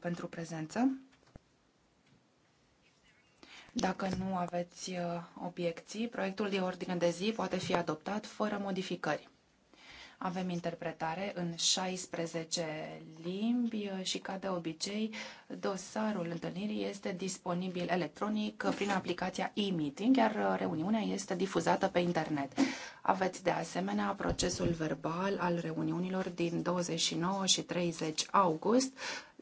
pentru prezență. Dacă nu aveți uh, obiecții, proiectul de ordine de zi poate fi adoptat fără modificări. Avem interpretare în 16 limbi și, ca de obicei, dosarul întâlnirii este disponibil electronic prin aplicația e-meeting, iar uh, reuniunea este difuzată pe internet. Aveți, de asemenea, procesul verbal al reuniunilor din 29 și 30 august,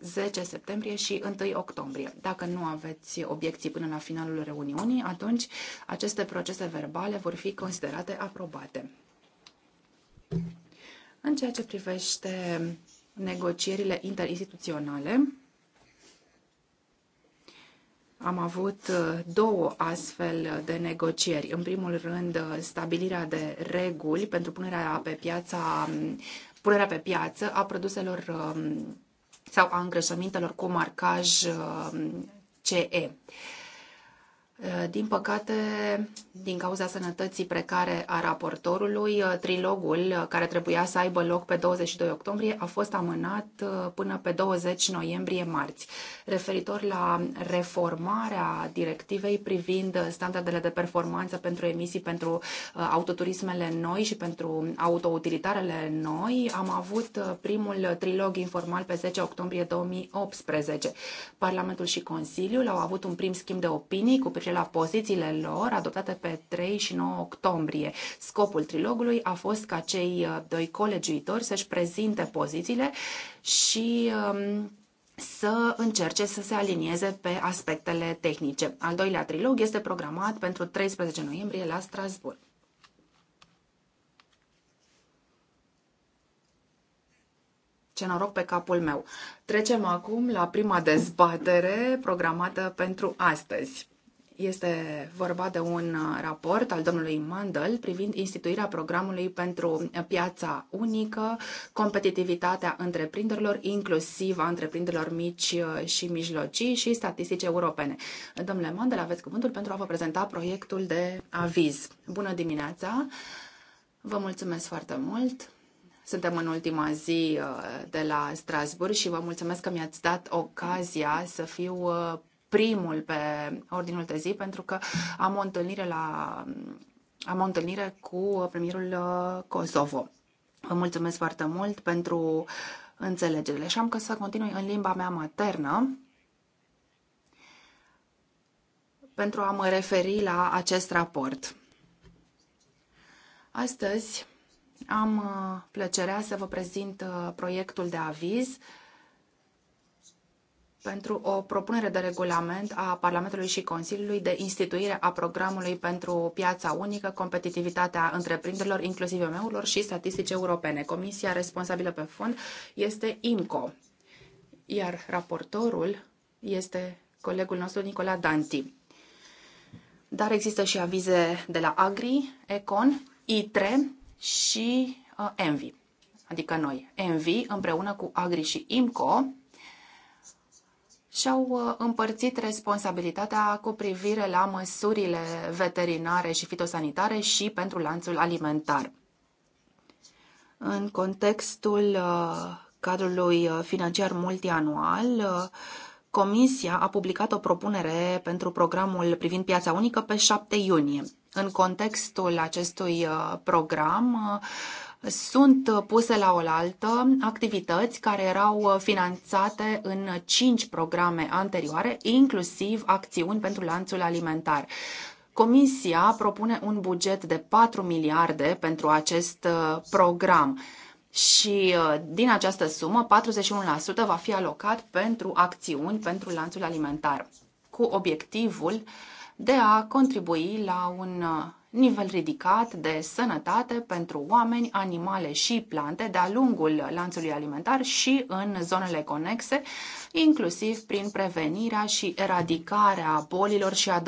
10 septembrie și 1 octombrie. Dacă nu aveți obiecții până la finalul reuniunii, atunci aceste procese verbale vor fi considerate aprobate. În ceea ce privește negocierile interinstituționale, am avut două astfel de negocieri. În primul rând, stabilirea de reguli pentru punerea pe piața punerea pe piață a produselor um, sau a îngrășămintelor cu marcaj uh, CE. Eh, din păcate, din cauza sănătății precare a raportorului, eh, trilogul eh, care trebuia să aibă loc pe 22 octombrie a fost amânat până pe 20 noiembrie-marți. Referitor la reformarea directivei privind standardele de performanță pentru emisii pentru autoturismele noi și pentru autoutilitarele noi, am avut primul trilog informal pe 10 octombrie 2018. Parlamentul și Consiliul au avut un prim schimb de opinii cu privire la pozițiile lor adoptate pe 3 și 9 octombrie. Scopul trilogului a fost ca cei uh, doi colegiuitori să-și prezinte pozițiile și um, să încerce să se alinieze pe aspectele tehnice. Al doilea trilog este programat pentru 13 noiembrie la Strasbourg. Ce noroc pe capul meu! Trecem acum la prima dezbatere programată pentru astăzi. Este vorba de un uh, raport al domnului Mandel privind instituirea programului pentru piața unică, competitivitatea întreprinderilor, inclusiv a întreprinderilor mici uh, și mijlocii și statistici europene. Domnule Mandel, aveți cuvântul pentru a vă prezenta proiectul de aviz. Bună dimineața! Vă mulțumesc foarte mult! Suntem în ultima zi uh, de la Strasburg și vă mulțumesc că mi-ați dat ocazia să fiu primul pe ordinul de zi pentru că am o întâlnire, la, am o întâlnire cu premierul uh, Kosovo. Vă mulțumesc foarte mult pentru înțelegerile și am că să continui în limba mea maternă pentru a mă referi la acest raport. Astăzi am uh, plăcerea să vă prezint uh, proiectul de aviz uh, pentru o propunere de regulament a Parlamentului și Consiliului de instituire a programului pentru piața unică, competitivitatea întreprinderilor, inclusiv IMM-urilor și statistici europene. Comisia responsabilă pe fond este IMCO, iar raportorul este colegul nostru Nicola Danti. Dar există și avize de la Agri, Econ, ITRE și uh, Envi, adică noi. Envi împreună cu Agri și IMCO și-au uh, împărțit responsabilitatea cu privire la măsurile veterinare și fitosanitare și pentru lanțul alimentar. În contextul uh, cadrului uh, financiar multianual, Comisia a publicat o propunere pentru programul privind piața unică pe 7 iunie. În contextul acestui program, sunt uh, puse la oaltă activități care erau uh, finanțate în cinci programe anterioare, inclusiv acțiuni pentru lanțul alimentar. Comisia propune un buget de 4 miliarde pentru acest uh, program și din această sumă 41% va fi alocat pentru acțiuni pentru lanțul alimentar, cu obiectivul de a contribui la un nivel ridicat de sănătate pentru oameni, animale și plante de-a lungul lanțului alimentar și în zonele conexe, inclusiv prin prevenirea și eradicarea bolilor și a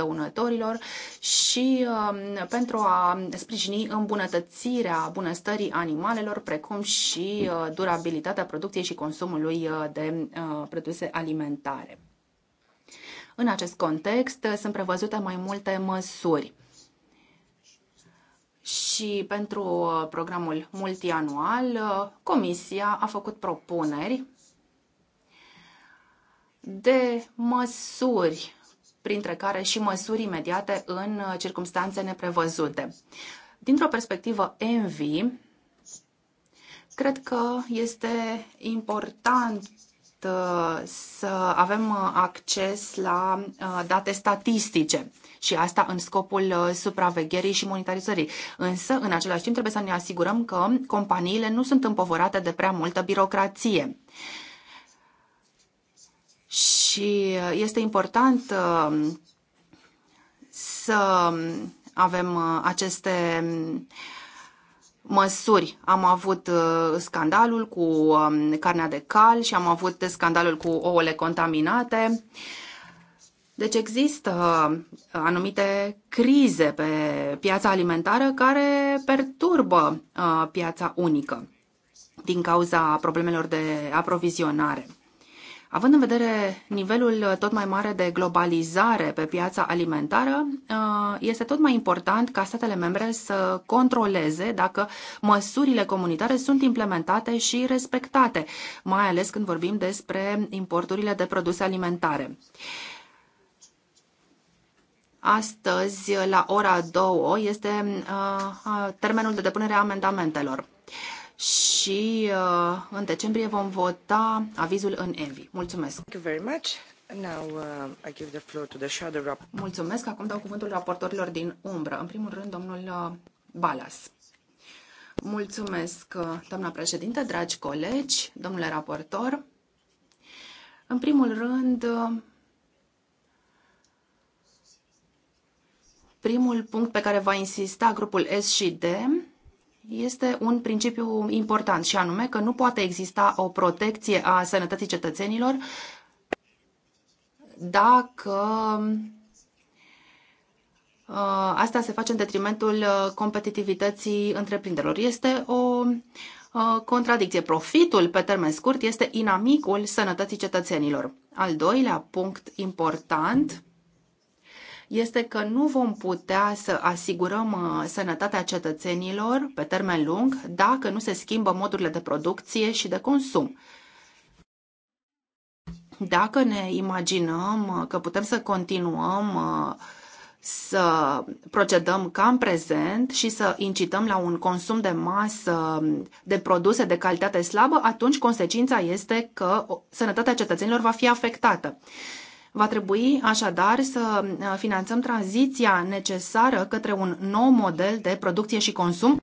și uh, pentru a sprijini îmbunătățirea bunăstării animalelor, precum și uh, durabilitatea producției și consumului uh, de uh, produse alimentare. În acest context sunt prevăzute mai multe măsuri și pentru uh, programul multianual, uh, Comisia a făcut propuneri de măsuri, printre care și măsuri imediate în uh, circunstanțe neprevăzute. Dintr-o perspectivă ENVI, cred că este important să avem acces la date statistice și asta în scopul uh, supravegherii și monitorizării. Însă, în același timp, trebuie să ne asigurăm că companiile nu sunt împovărate de prea multă birocrație. Și uh, este important uh, să avem aceste măsuri. Am avut scandalul cu um, carnea de cal și am avut scandalul cu ouăle contaminate. Deci există uh, anumite crize pe piața alimentară care perturbă uh, piața unică din cauza problemelor de aprovizionare. Având în vedere nivelul uh, tot mai mare de globalizare pe piața alimentară, este tot mai important ca statele membre să controleze dacă măsurile comunitare sunt implementate și respectate, mai ales când vorbim despre importurile de produse alimentare astăzi la ora 2 este uh, uh, termenul de depunere a amendamentelor. Și uh, în decembrie vom vota avizul în Envi. Mulțumesc! Thank you very much. Now, uh, I give the floor to the shadow Mulțumesc. Acum dau cuvântul raportorilor din umbră. În primul rând, domnul Balas. Mulțumesc, doamna președintă, dragi colegi, domnule raportor. În primul rând, Primul punct pe care va insista grupul S și D este un principiu important și anume că nu poate exista o protecție a sănătății cetățenilor dacă uh, asta se face în detrimentul uh, competitivității întreprinderilor. Este o uh, contradicție. Profitul pe termen scurt este inamicul sănătății cetățenilor. Al doilea punct important este că nu vom putea să asigurăm uh, sănătatea cetățenilor pe termen lung dacă nu se schimbă modurile de producție și de consum. Dacă ne imaginăm uh, că putem să continuăm uh, să procedăm ca în prezent și să incităm la un consum de masă um, de produse de calitate slabă, atunci consecința este că sănătatea cetățenilor va fi afectată. Va trebui așadar să uh, finanțăm tranziția necesară către un nou model de producție și consum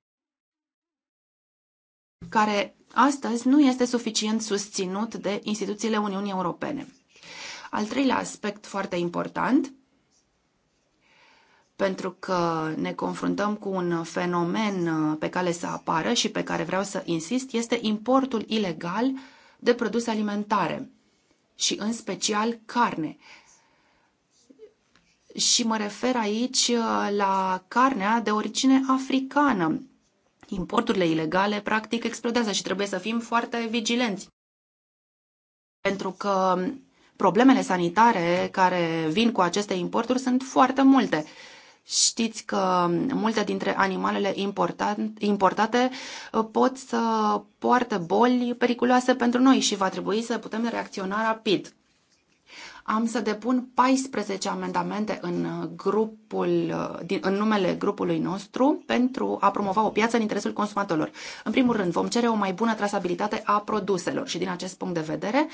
care astăzi nu este suficient susținut de instituțiile Uniunii Europene. Al treilea aspect foarte important, pentru că ne confruntăm cu un fenomen uh, pe care să apară și pe care vreau să insist, este importul ilegal de produse alimentare și în special carne. Și mă refer aici uh, la carnea de origine africană. Importurile ilegale practic explodează și trebuie să fim foarte vigilenți. Pentru că problemele sanitare care vin cu aceste importuri sunt foarte multe Știți că multe dintre animalele importate uh, pot să poartă boli periculoase pentru noi și va trebui să putem reacționa rapid. Am să depun 14 amendamente în, grupul, uh, în numele grupului nostru pentru a promova o piață în interesul consumatorilor. În primul rând, vom cere o mai bună trasabilitate a produselor și din acest punct de vedere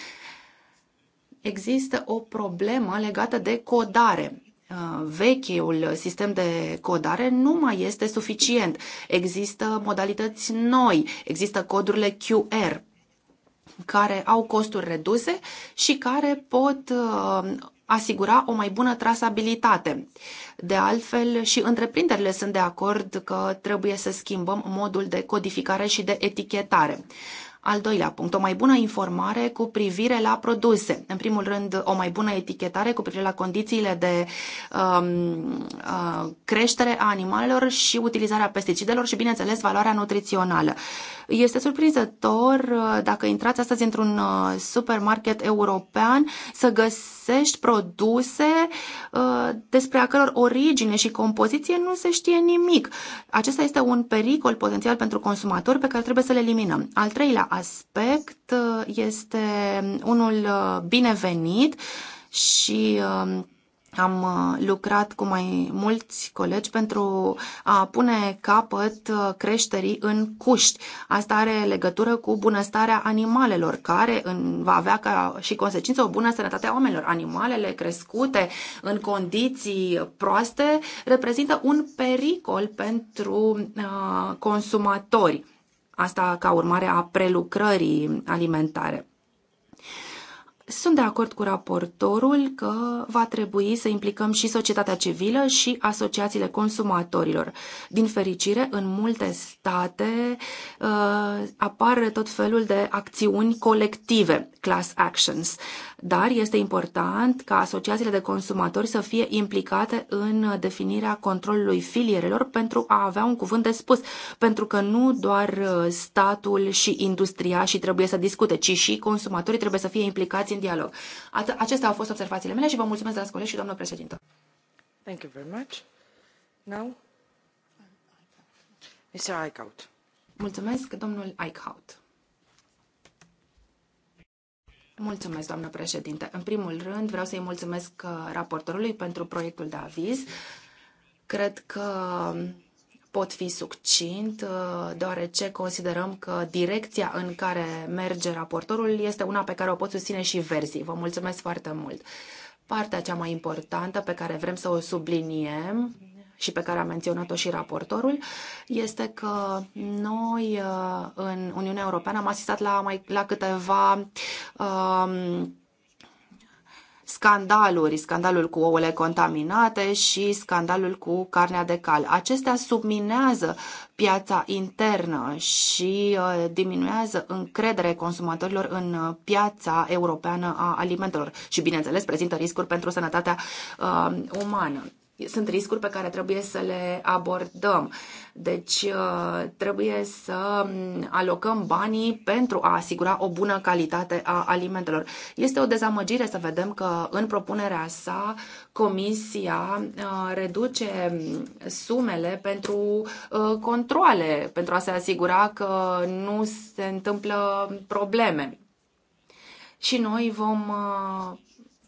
există o problemă legată de codare Uh, vechiul sistem de codare nu mai este suficient. Există modalități noi, există codurile QR care au costuri reduse și care pot uh, asigura o mai bună trasabilitate. De altfel, și întreprinderile sunt de acord că trebuie să schimbăm modul de codificare și de etichetare. Al doilea punct, o mai bună informare cu privire la produse. În primul rând, o mai bună etichetare cu privire la condițiile de um, uh, creștere a animalelor și utilizarea pesticidelor și, bineînțeles, valoarea nutrițională. Este surprinzător uh, dacă intrați astăzi într-un uh, supermarket european să găsești produse uh, despre a căror origine și compoziție nu se știe nimic. Acesta este un pericol potențial pentru consumatori pe care trebuie să-l eliminăm. Al treilea aspect uh, este unul uh, binevenit și um, am uh, lucrat cu mai mulți colegi pentru a pune capăt creșterii în cuști. Asta are legătură cu bunăstarea animalelor, care va avea ca și consecință o bună sănătate a oamenilor. Animalele crescute în condiții proaste reprezintă un pericol pentru consumatori Asta ca urmare a prelucrării alimentare. Sunt de acord cu raportorul că va trebui să implicăm și societatea civilă și asociațiile consumatorilor. Din fericire, în multe state uh, apar tot felul de acțiuni colective, class actions dar este important ca asociațiile de consumatori să fie implicate în definirea controlului filierelor pentru a avea un cuvânt de spus, pentru că nu doar statul și industria și trebuie să discute, ci și consumatorii trebuie să fie implicați în dialog. Acestea au fost observațiile mele și vă mulțumesc, dragi colegi și domnul președinte. Thank you very much. Now, Mr. Eichhout. Mulțumesc, domnul Eichhout. Mulțumesc, doamnă președinte. În primul rând, vreau să-i mulțumesc uh, raportorului pentru proiectul de aviz. Cred că pot fi succint, uh, deoarece considerăm că direcția în care merge raportorul este una pe care o pot susține și verzii. Vă mulțumesc foarte mult. Partea cea mai importantă pe care vrem să o subliniem și pe care a menționat-o și raportorul este că noi uh, în Uniunea Europeană am asistat la, mai, la câteva um, scandaluri, scandalul cu ouăle contaminate și scandalul cu carnea de cal. Acestea subminează piața internă și uh, diminuează încrederea consumatorilor în piața europeană a alimentelor și, bineînțeles, prezintă riscuri pentru sănătatea uh, umană sunt riscuri pe care trebuie să le abordăm. Deci uh, trebuie să um, alocăm banii pentru a asigura o bună calitate a alimentelor. Este o dezamăgire să vedem că în propunerea sa Comisia uh, reduce um, sumele pentru uh, controle, pentru a se asigura că nu se întâmplă probleme. Și noi vom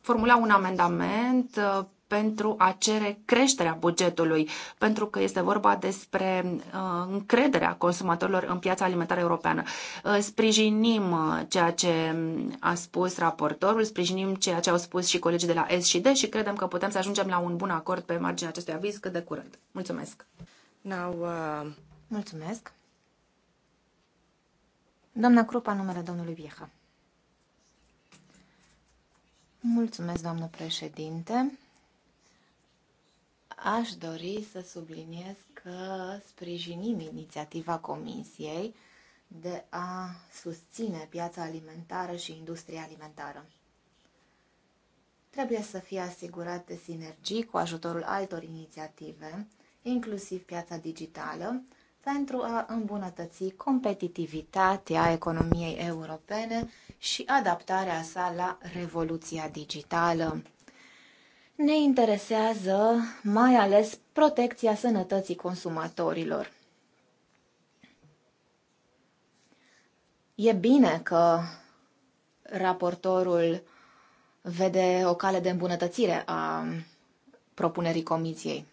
formula un amendament pentru a cere creșterea bugetului, pentru că este vorba despre uh, încrederea consumatorilor în piața alimentară europeană. Uh, sprijinim uh, ceea ce um, a spus raportorul, sprijinim ceea ce au spus și colegii de la S și D și credem că putem să ajungem la un bun acord pe marginea acestui aviz cât de curând. Mulțumesc! Now, uh... Mulțumesc! Doamna Crupa, numele domnului Vieha. Mulțumesc, doamnă președinte. Aș dori să subliniez că sprijinim inițiativa Comisiei de a susține piața alimentară și industria alimentară. Trebuie să fie asigurate sinergii cu ajutorul altor inițiative, inclusiv piața digitală, pentru a îmbunătăți competitivitatea economiei europene și adaptarea sa la revoluția digitală ne interesează mai ales protecția sănătății consumatorilor. E bine că raportorul vede o cale de îmbunătățire a propunerii comisiei.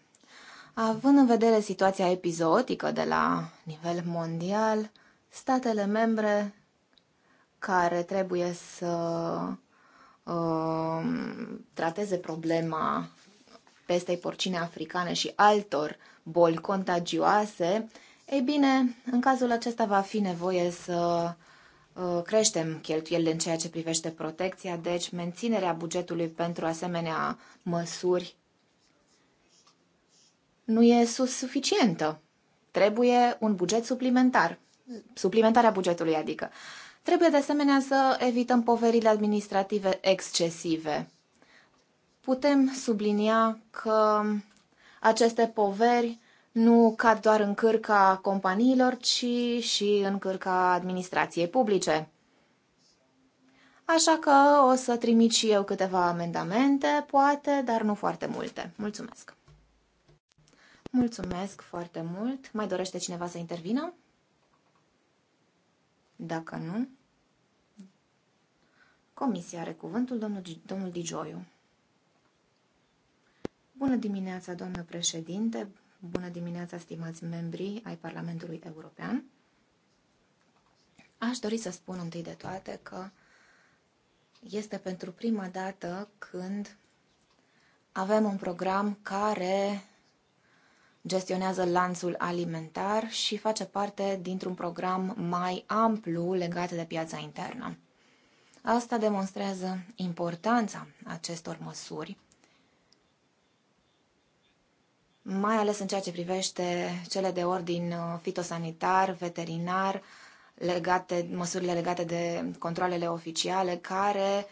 Având în vedere situația epizotică de la nivel mondial, statele membre care trebuie să Um, trateze problema pestei porcine africane și altor boli contagioase, ei bine, în cazul acesta va fi nevoie să uh, creștem cheltuielile în ceea ce privește protecția, deci menținerea bugetului pentru asemenea măsuri nu e suficientă. Trebuie un buget suplimentar. Suplimentarea bugetului, adică. Uh, Trebuie de asemenea să evităm poverile administrative excesive. Putem sublinia că aceste poveri nu cad doar în cârca companiilor, ci și în cârca administrației publice. Așa că o să trimit și eu câteva amendamente, poate, dar nu foarte multe. Mulțumesc! Mulțumesc foarte mult! Mai dorește cineva să intervină? Dacă nu, comisia are cuvântul domnul, domnul Digioiu. Bună dimineața, doamnă președinte, bună dimineața, stimați membri ai Parlamentului European. Aș dori să spun întâi de toate că este pentru prima dată când avem un program care gestionează lanțul alimentar și face parte dintr-un program mai amplu legat de piața internă. Asta demonstrează importanța acestor măsuri, mai ales în ceea ce privește cele de ordin uh, fitosanitar, veterinar, legate, măsurile legate de controlele oficiale, care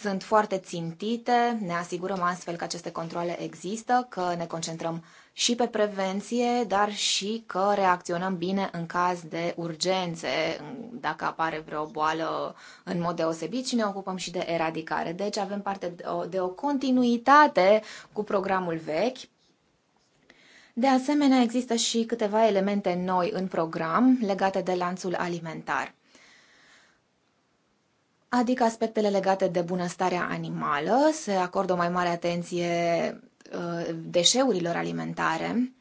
sunt foarte țintite. Ne asigurăm astfel că aceste controle există, că ne concentrăm și pe prevenție, dar și că reacționăm bine în caz de urgențe, dacă apare vreo boală în mod deosebit și ne ocupăm și de eradicare. Deci avem parte de o, de o continuitate cu programul vechi. De asemenea, există și câteva elemente noi în program legate de lanțul alimentar adică aspectele legate de bunăstarea animală, se acordă o mai mare atenție Uh, deșeurilor alimentare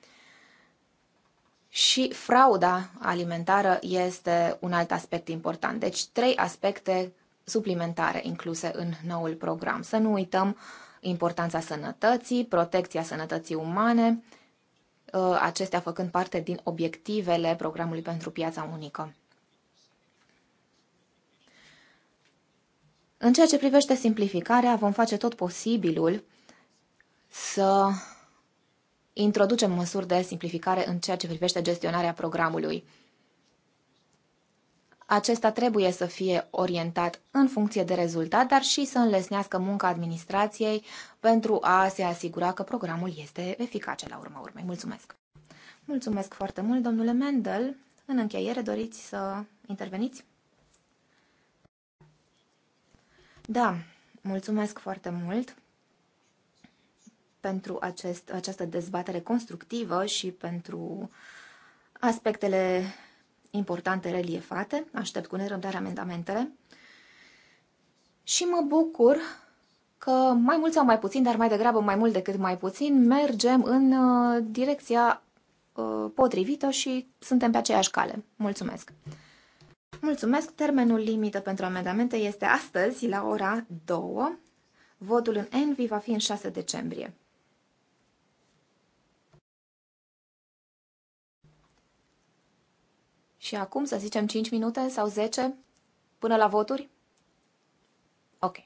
și frauda alimentară este un alt aspect important. Deci trei aspecte suplimentare incluse în noul program. Să nu uităm importanța sănătății, protecția sănătății umane, uh, acestea făcând parte din obiectivele programului pentru piața unică. În ceea ce privește simplificarea, vom face tot posibilul să introducem măsuri de simplificare în ceea ce privește gestionarea programului. Acesta trebuie să fie orientat în funcție de rezultat, dar și să înlesnească munca administrației pentru a se asigura că programul este eficace la urma urmei. Mulțumesc! Mulțumesc foarte mult, domnule Mendel. În încheiere, doriți să interveniți? Da, mulțumesc foarte mult pentru acest, această dezbatere constructivă și pentru aspectele importante reliefate. Aștept cu nerăbdare amendamentele. Și mă bucur că mai mult sau mai puțin, dar mai degrabă mai mult decât mai puțin, mergem în uh, direcția uh, potrivită și suntem pe aceeași cale. Mulțumesc! Mulțumesc! Termenul limită pentru amendamente este astăzi la ora 2. Votul în Envi va fi în 6 decembrie. Și acum, să zicem, 5 minute sau 10 până la voturi? Ok.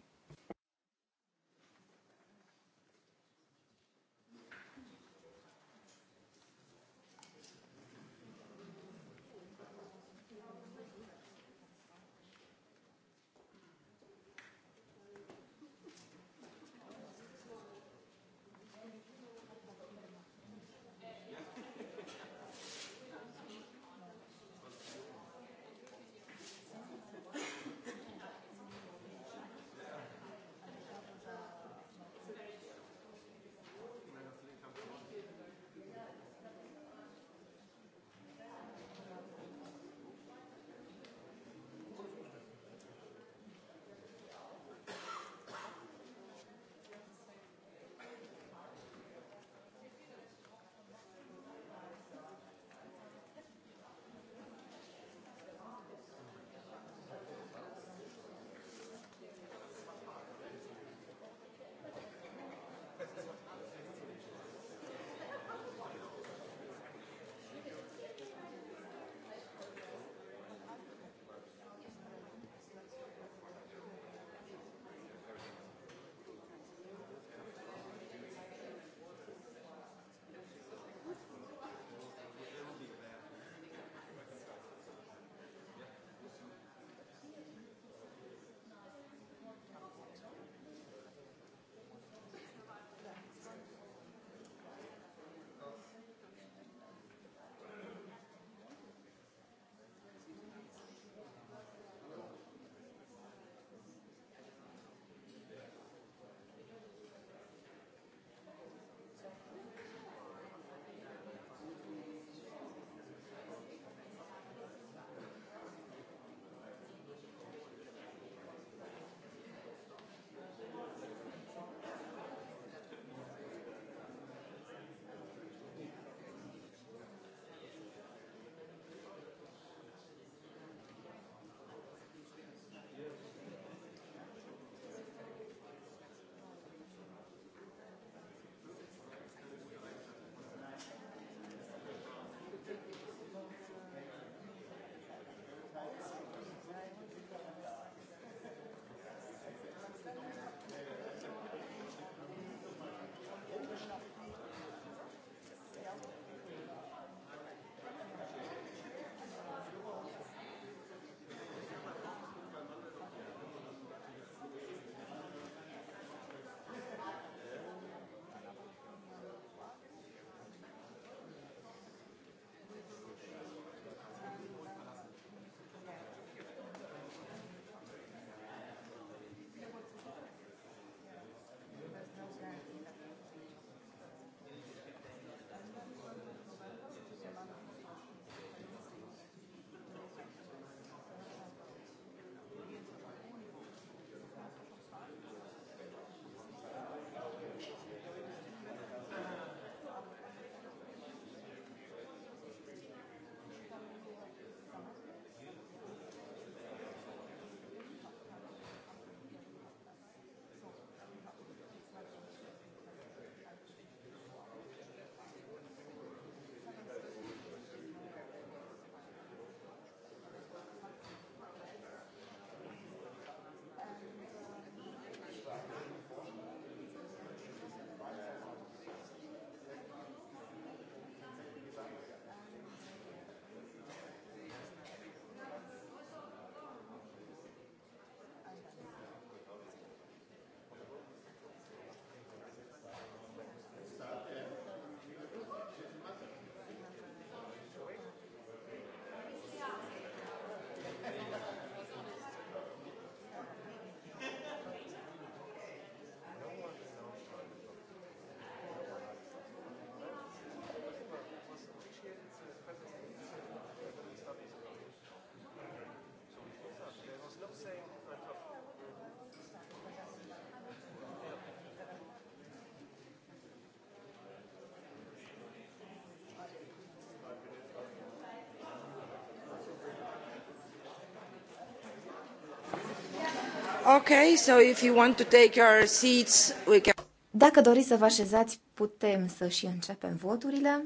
Dacă doriți să vă așezați, putem să și începem voturile.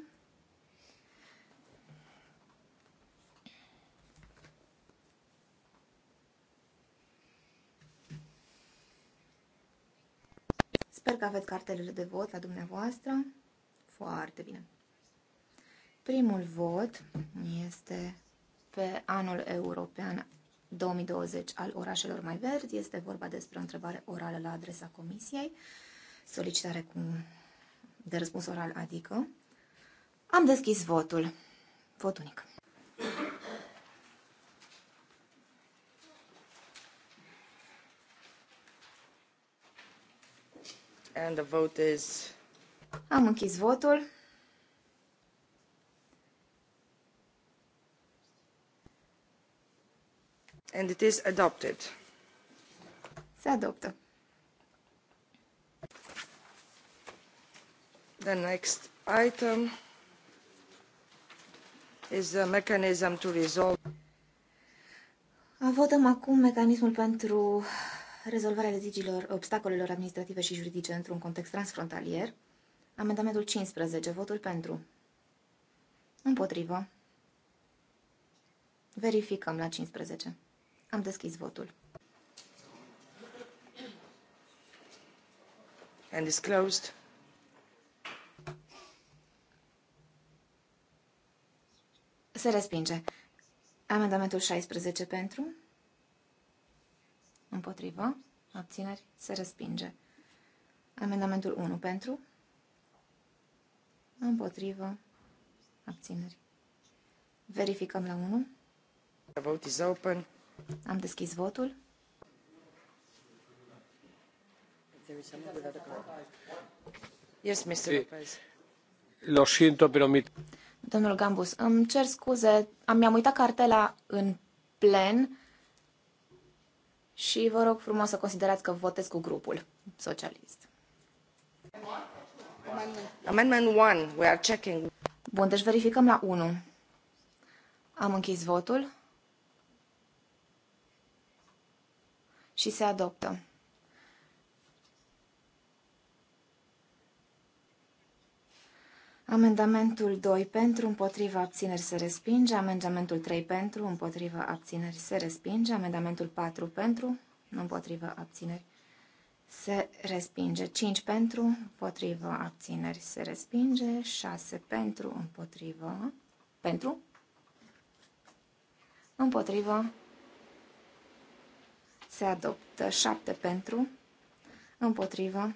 Sper că aveți cartelele de vot la dumneavoastră. Foarte bine. Primul vot este pe anul european 2020 al orașelor mai verzi. Este vorba despre o întrebare orală la adresa comisiei, solicitare cu de răspuns oral, adică. Am deschis votul. Vot unic. And the vote is... Am închis votul. and it is adopted. Se adoptă. The next item is the mechanism to resolve. Votăm acum mecanismul pentru rezolvarea litigiilor, obstacolelor administrative și juridice într-un context transfrontalier. Amendamentul 15. Votul pentru. Împotrivă. Verificăm la 15. Am deschis votul. And is closed. Se respinge. Amendamentul 16 pentru. Împotrivă. Abțineri. Se respinge. Amendamentul 1 pentru. Împotrivă. Abțineri. Verificăm la 1. The vote is open. Am deschis votul. Yes, Mr. Lo siento, pero mi... Domnul Gambus, îmi cer scuze, am, mi-am uitat cartela în plen și vă rog frumos să considerați că votez cu grupul socialist. Amendment 1, we are checking. Bun, deci verificăm la 1. Am închis votul. și se adoptă. Amendamentul 2 pentru, împotriva abțineri se respinge. Amendamentul 3 pentru, împotriva abțineri se respinge. Amendamentul 4 pentru, împotriva abțineri se respinge. 5 pentru, împotriva abțineri se respinge. 6 pentru, împotriva, pentru, împotriva se adoptă 7 pentru, împotrivă,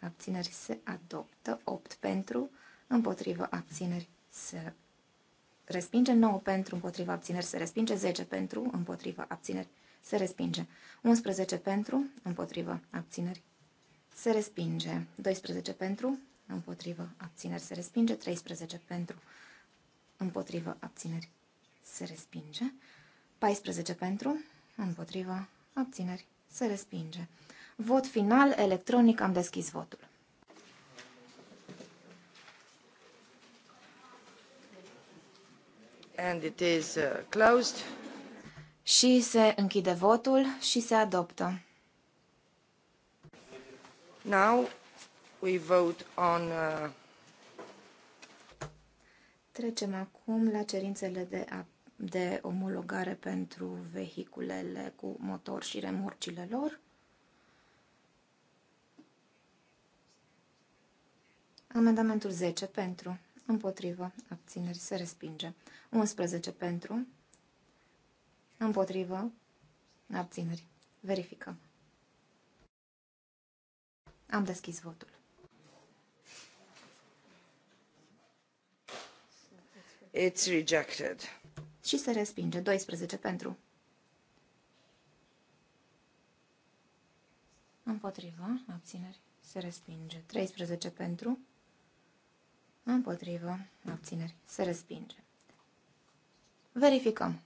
abțineri se adoptă 8 pentru, împotrivă, abțineri se respinge 9 pentru, împotrivă, abțineri se respinge 10 pentru, împotrivă, abțineri se respinge 11 pentru, împotrivă, abțineri se respinge 12 pentru, împotrivă, abțineri se respinge 13 pentru, împotrivă, abțineri se respinge 14 pentru, împotrivă, Abțineri. Se respinge. Vot final, electronic, am deschis votul. And it is uh, closed. Și se închide votul și se adoptă. Now we vote on uh... Trecem acum la cerințele de apel de omologare pentru vehiculele cu motor și remorcile lor. Amendamentul 10 pentru, împotrivă, abțineri, se respinge. 11 pentru, împotrivă, abțineri. Verificăm. Am deschis votul. It's rejected și se respinge. 12 pentru. Împotrivă, abțineri, se respinge. 13 pentru. Împotrivă, abțineri, se respinge. Verificăm.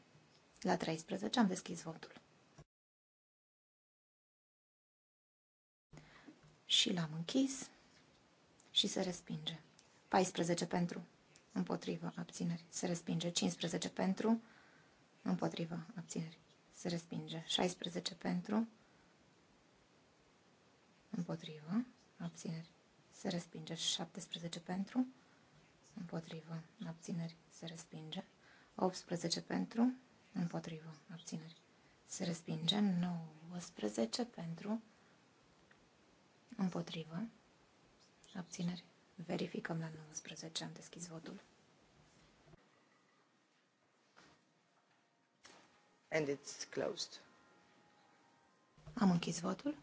La 13 am deschis votul. Și l-am închis și se respinge. 14 pentru împotrivă, abțineri, se respinge. 15 pentru, împotrivă, abțineri, se respinge. 16 pentru, împotrivă, abțineri, se respinge. 17 pentru, împotrivă, abțineri, se respinge. 18 pentru, împotrivă, abțineri, se respinge. 19 pentru, împotrivă, abțineri, Verificăm la 19. Am deschis votul. And it's closed. Am închis votul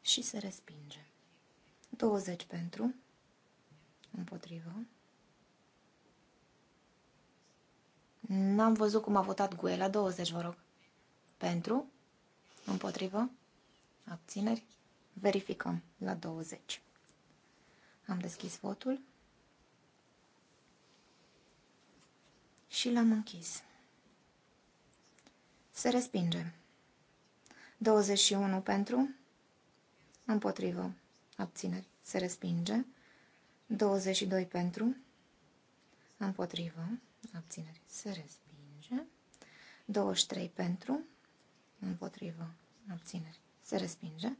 și se respinge. 20 pentru, împotrivă. N-am văzut cum a votat Guela, 20 vă rog. Pentru, împotrivă, abțineri, verificăm la 20. Am deschis votul și l-am închis. Se respinge. 21 pentru, împotrivă, abțineri, se respinge. 22 pentru, împotrivă, abțineri, se respinge. 23 pentru, împotrivă, abțineri, se respinge.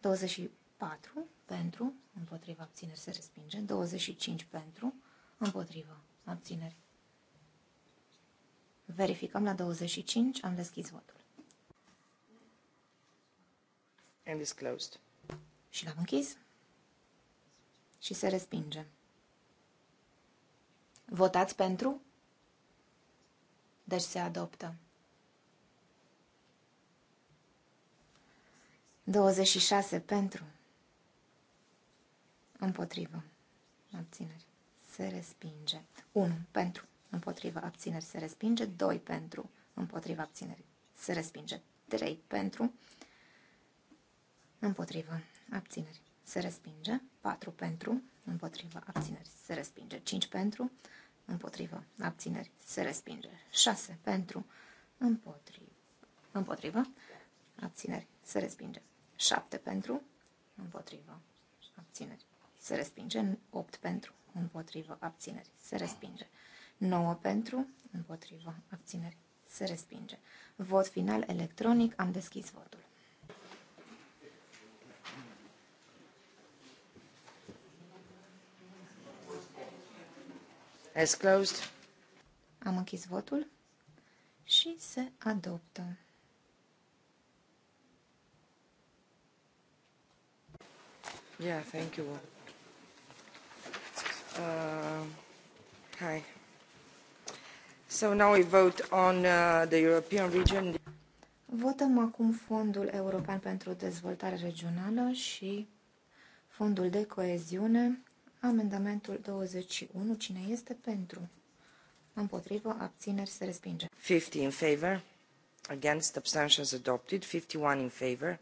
20, 4 pentru, împotriva abțineri se respinge, 25 pentru, împotriva abțineri. Verificăm la 25, am deschis votul. And is closed. Și l-am închis. Și se respinge. Votați pentru? Deci se adoptă. 26 pentru împotrivă, abțineri, se respinge. 1 pentru, împotrivă, abțineri, se respinge. 2 pentru, împotrivă, abțineri, se respinge. 3 pentru, împotrivă, abțineri, se respinge. 4 pentru, împotrivă, abțineri, se respinge. 5 pentru, împotrivă, abțineri, se respinge. 6 pentru, împotrivă, împotrivă abțineri, se respinge. 7 pentru, împotrivă, abțineri, se respinge, 8 pentru, împotrivă, abțineri, se respinge, 9 pentru, împotrivă, abțineri, se respinge. Vot final electronic, am deschis votul. As closed. Am închis votul și se adoptă. Yeah, thank you all. Uh, hi. So now we vote on uh, the European region. Votăm acum Fondul European pentru Dezvoltare Regională și Fondul de Coeziune, amendamentul 21. Cine este pentru? Împotrivă, abțineri, se respinge. 50 in favor, against abstentions adopted, 51 in favor,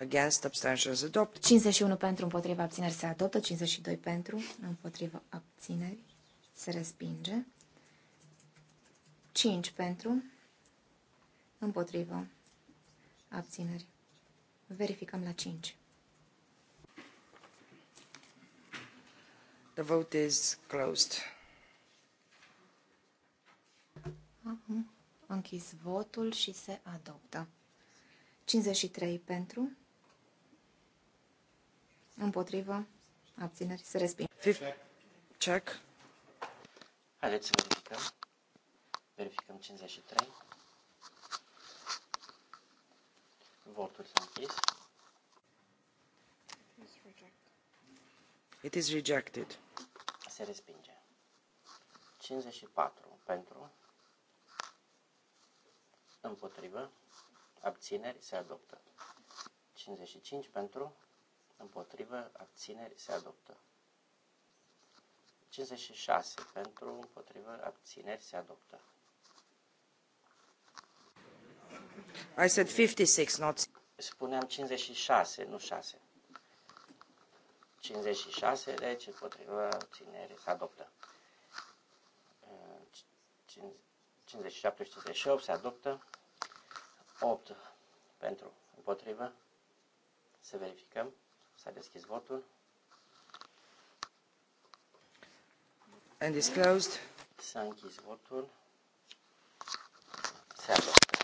against abstentions adopted. 51 pentru împotriva abțineri se adoptă, 52 pentru împotriva abțineri se respinge, 5 pentru împotriva abțineri. Verificăm la 5. The vote is closed. Am închis votul și se adoptă. 53 pentru, Împotrivă. Abțineri. Se respinge. Check. Check. Haideți să verificăm. Verificăm 53. Votul s-a închis. It is rejected. Se respinge. 54 pentru, împotrivă, abțineri, se adoptă. 55 pentru, împotrivă, abțineri, se adoptă. 56. Pentru, împotrivă, abțineri, se adoptă. I said 56, not... Spuneam 56, nu 6. 56, deci, împotrivă, abțineri, se adoptă. 57 și 58 se adoptă. 8 pentru, împotrivă, să verificăm. S-a deschis votul. And is closed. S-a închis votul. Se adoptă.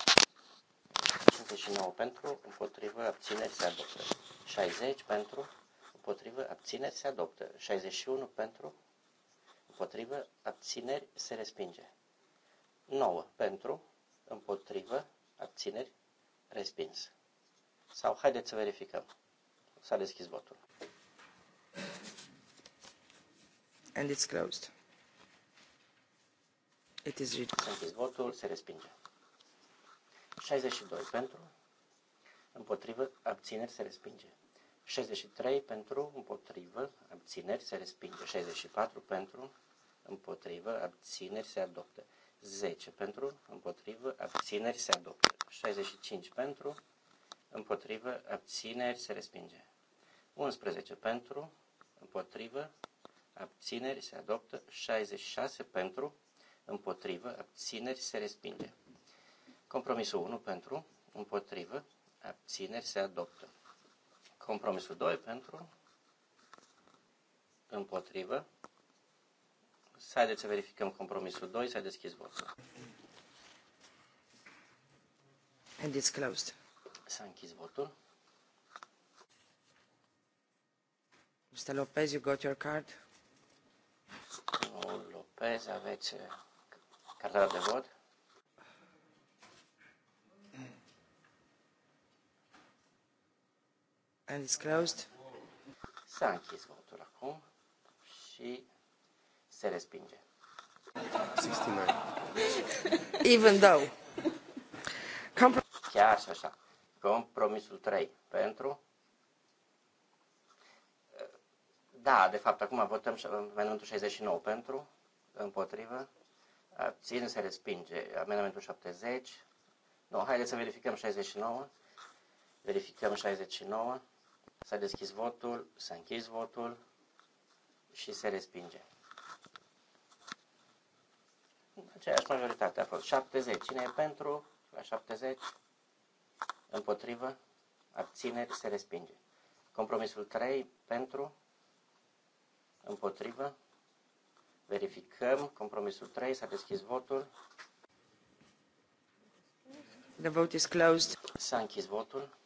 59 pentru, împotrivă, abțineri, se adoptă. 60 pentru, împotrivă, abțineri, se adoptă. 61 pentru, împotrivă, abțineri, se respinge. 9 pentru, împotrivă, abțineri, respins. Sau haideți să verificăm. S-a deschis votul. And it's closed. It is read. S-a deschis votul, se respinge. 62 pentru, împotrivă, abțineri, se respinge. 63 pentru, împotrivă, abțineri, se respinge. 64 pentru, împotrivă, abțineri, se adoptă. 10 pentru, împotrivă, abțineri, se adoptă. 65 pentru, împotrivă, abțineri, se respinge. 11 pentru, împotrivă, abțineri se adoptă, 66 pentru, împotrivă, abțineri se respinge. Compromisul 1 pentru, împotrivă, abțineri se adoptă. Compromisul 2 pentru, împotrivă. Să haideți să verificăm compromisul 2, să deschis votul. And it's closed. S-a închis votul. Mr. Lopez, you got your card? Domnul Lopez, aveți uh, cartela de vot? And it's closed. S-a închis votul acum și se respinge. 69. Even though. Compr- Chiar și așa. Compromisul 3 pentru Da, de fapt, acum votăm amendamentul 69 pentru, împotrivă, Ține se respinge. Amendamentul 70, nu, haideți să verificăm 69, verificăm 69, s-a deschis votul, s-a închis votul și se respinge. Aceeași majoritate a fost 70. Cine e pentru? La 70, împotrivă, abțineri, se respinge. Compromisul 3, pentru, Împotrivă. Verificăm. Compromisul 3. S-a deschis votul. The vote is closed. S-a închis votul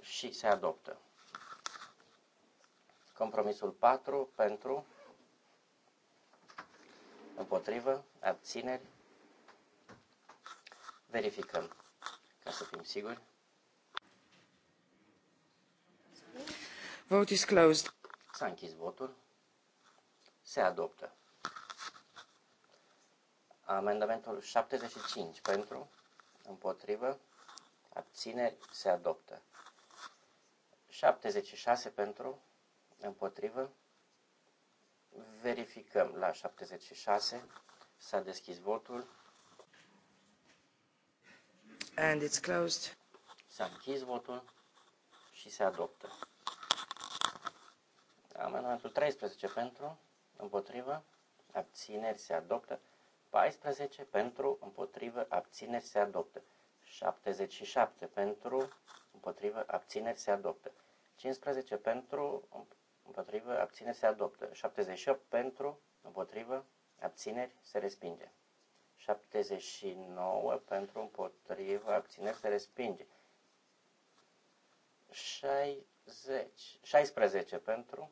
și se adoptă. Compromisul 4 pentru, împotrivă, abțineri. Verificăm ca să fim siguri. Vote is closed. S-a închis votul. Se adoptă. Amendamentul 75 pentru, împotrivă, abțineri, se adoptă. 76 pentru, împotrivă, verificăm la 76, s-a deschis votul. And it's closed. S-a închis votul și se adoptă. Amendamentul 13 pentru, împotrivă, abțineri se adoptă. 14 pentru, împotrivă, abțineri se adoptă. 77 pentru, împotrivă, abțineri se adoptă. 15 pentru, împotrivă, abțineri se adoptă. 78 pentru, împotrivă, abțineri se respinge. 79 pentru, împotrivă, abțineri se respinge. 60, 16 pentru,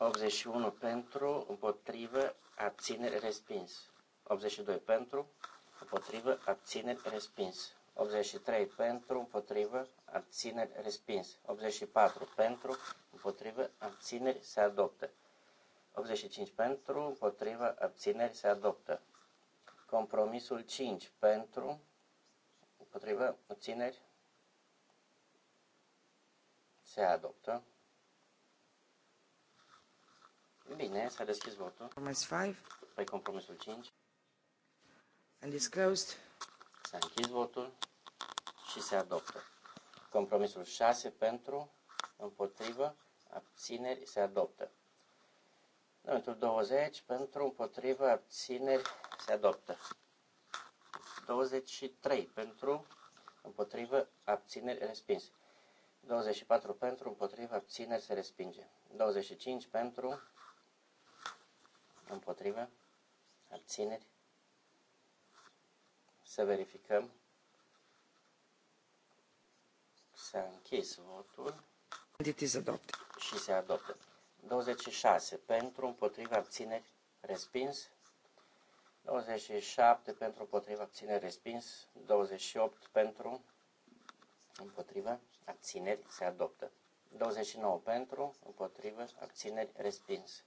81 pentru, împotrivă, abțineri, respins. 82 pentru, împotrivă, abțineri, respins. 83 pentru, împotrivă, abțineri, respins. 84 pentru, împotrivă, abțineri, se adoptă. 85 pentru, împotrivă, abțineri, se adoptă. Compromisul 5 pentru, împotrivă, abțineri, se adoptă. Bine, s-a deschis votul. Compromis 5. Păi compromisul 5. And is closed. S-a închis votul și se adoptă. Compromisul 6 pentru, împotrivă, abțineri, se adoptă. Numărul 20 pentru, împotrivă, abțineri, se adoptă. 23 pentru, împotrivă, abțineri, respins. 24 pentru, împotrivă, abțineri, se respinge. 25 pentru, împotriva, abțineri, să verificăm. S-a închis votul. It is adopted. Și se adoptă. 26 pentru, împotriva, abțineri, respins. 27 pentru, împotriva, abțineri, respins. 28 pentru, împotriva, abțineri, se adoptă. 29 pentru, împotrivă, abțineri, respins.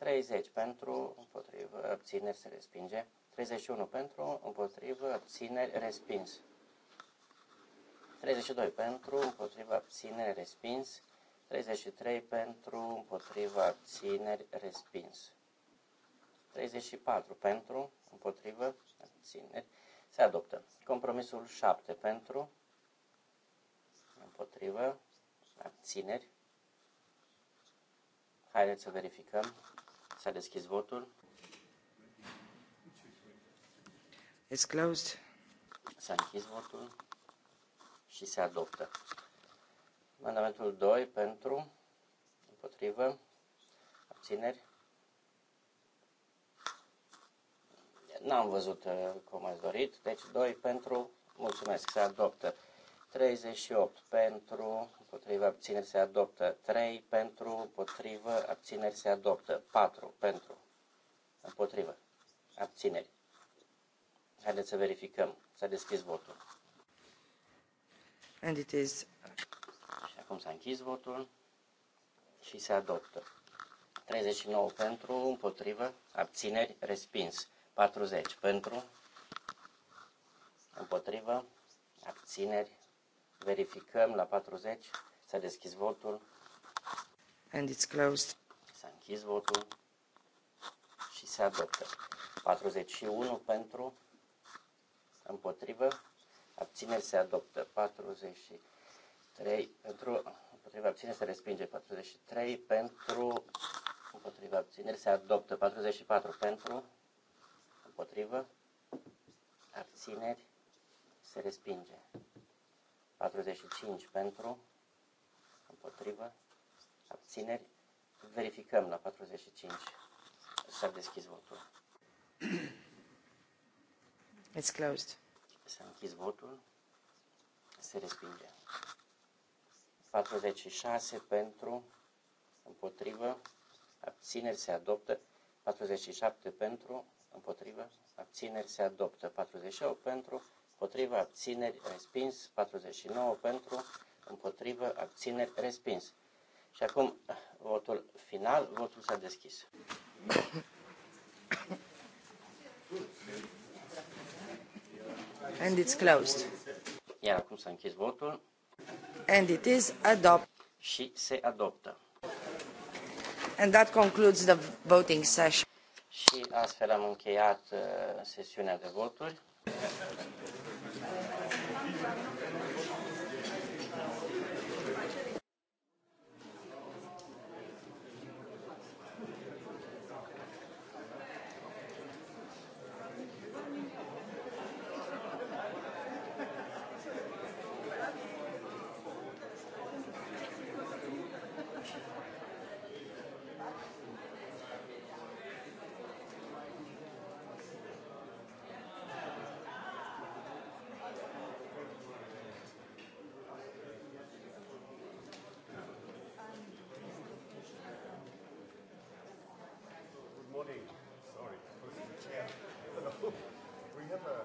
30 pentru, împotrivă, abțineri se respinge. 31 pentru, împotrivă, abțineri, respins. 32 pentru, împotrivă, abțineri, respins. 33 pentru, împotrivă, abțineri, respins. 34 pentru, împotrivă, abțineri, se adoptă. Compromisul 7 pentru, împotrivă, abțineri. Haideți să verificăm. S-a deschis votul. It's closed. S-a închis votul și se adoptă. Amendamentul 2 pentru, împotrivă, abțineri. N-am văzut uh, cum ați dorit, deci 2 pentru, mulțumesc, se adoptă. 38 pentru, împotriva abțineri se adoptă. 3 pentru, împotrivă abțineri se adoptă. 4 pentru, împotrivă abțineri. Haideți să verificăm. S-a deschis votul. And it is... Și acum s-a închis votul și se adoptă. 39 pentru, împotrivă, abțineri, respins. 40 pentru, împotrivă, abțineri, Verificăm la 40. S-a deschis votul. And it's closed. S-a închis votul și se adoptă. 41 pentru, împotrivă, abțineri se adoptă. 43 pentru, Împotrivă abțineri se respinge. 43 pentru, Împotrivă abțineri se adoptă. 44 pentru, împotrivă, abțineri se respinge. 45 pentru, împotrivă, abțineri. Verificăm la 45. S-a deschis votul. It's closed. S-a închis votul. Se respinge. 46 pentru, împotrivă, abțineri se adoptă. 47 pentru, împotrivă, abțineri se adoptă. 48 pentru, împotrivă, abțineri, respins, 49 pentru, împotrivă, abțineri, respins. Și acum votul final, votul s-a deschis. And it's closed. Iar acum s-a închis votul. And it is adopted. Și se adoptă. And that concludes the voting session. Și astfel am încheiat uh, sesiunea de voturi. morning. Sorry. We have a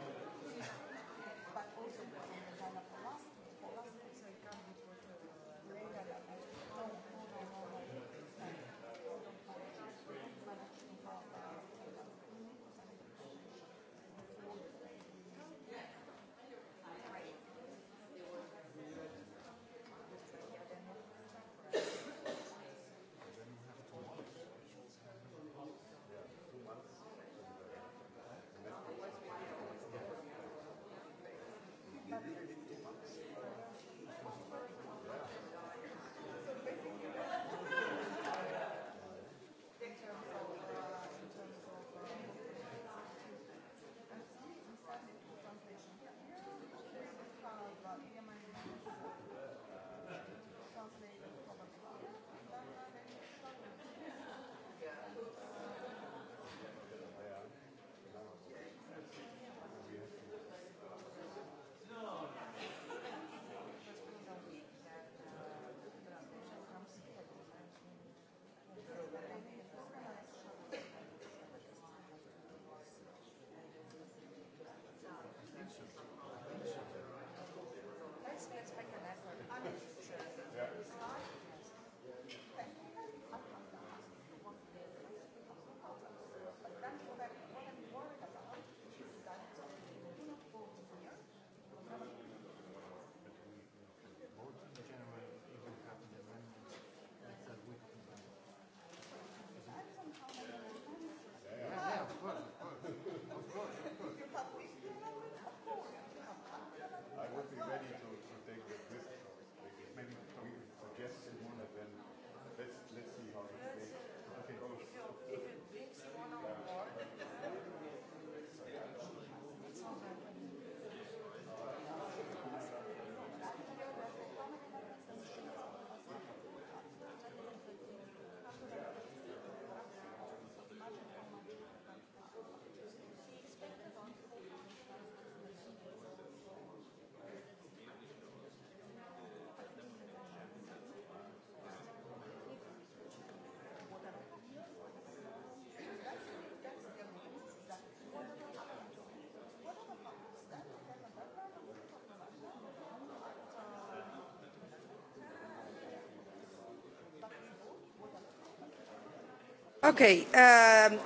Um,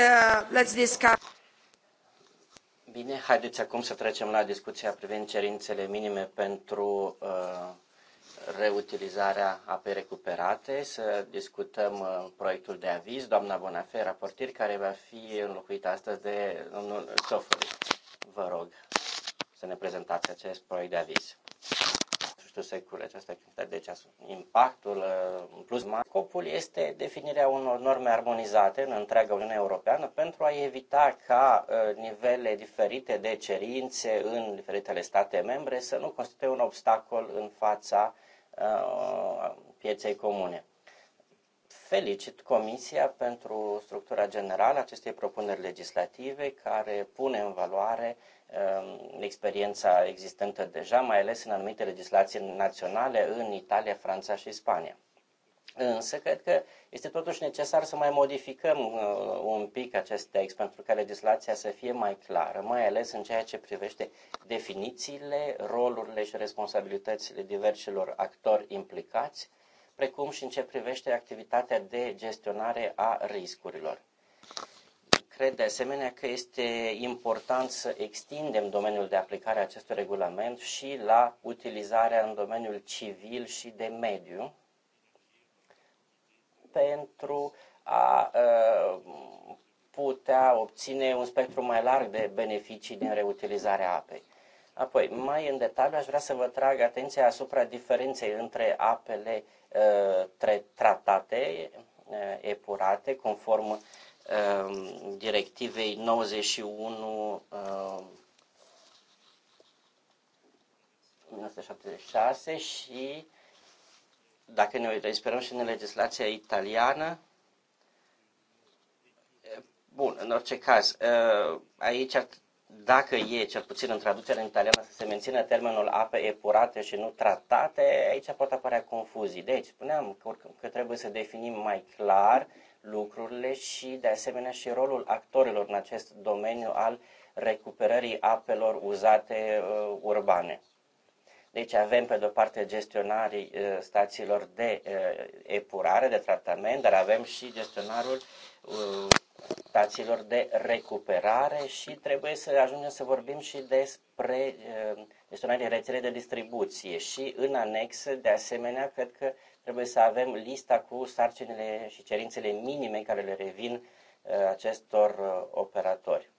uh, Bine, haideți acum să trecem la discuția privind cerințele minime pentru uh, reutilizarea apei recuperate, să discutăm uh, proiectul de aviz, doamna Bonafé, raportir, care va fi înlocuit astăzi de domnul Sofări. Vă rog să ne prezentați acest proiect de aviz știu secure această activitate. Deci impactul uh, în plus mare. Scopul este definirea unor norme armonizate în întreaga Uniune Europeană pentru a evita ca uh, nivele diferite de cerințe în diferitele state membre să nu constituie un obstacol în fața uh, pieței comune. Felicit Comisia pentru structura generală acestei propuneri legislative care pune în valoare uh, Um, experiența existentă deja, mai ales în anumite legislații naționale în Italia, Franța și Spania. Însă, cred că este totuși necesar să mai modificăm uh, un pic acest text pentru ca legislația să fie mai clară, mai ales în ceea ce privește definițiile, rolurile și responsabilitățile diverselor actori implicați, precum și în ce privește activitatea de gestionare a riscurilor. Cred de asemenea că este important să extindem domeniul de aplicare a acestui regulament și la utilizarea în domeniul civil și de mediu pentru a ă, putea obține un spectru mai larg de beneficii din reutilizarea apei. Apoi, mai în detaliu, aș vrea să vă trag atenția asupra diferenței între apele uh, tratate, uh, epurate, conform Um, directivei 91 1976 um, și dacă ne sperăm și în legislația italiană, bun, în orice caz, uh, aici dacă e, cel puțin în traducere în italiană, să se mențină termenul ape epurate și nu tratate, aici pot apărea confuzii. Deci, spuneam că, oricum, că trebuie să definim mai clar uh, lucrurile și, de asemenea, și rolul actorilor în acest domeniu al recuperării apelor uzate uh, urbane. Deci avem, pe de-o parte, gestionarii uh, stațiilor de uh, epurare, de tratament, dar avem și gestionarul uh, stațiilor de recuperare și trebuie să ajungem să vorbim și despre uh, gestionarii rețelei de distribuție și în anex, de asemenea, cred că trebuie să avem lista cu sarcinile și cerințele minime care le revin uh, acestor uh, operatori.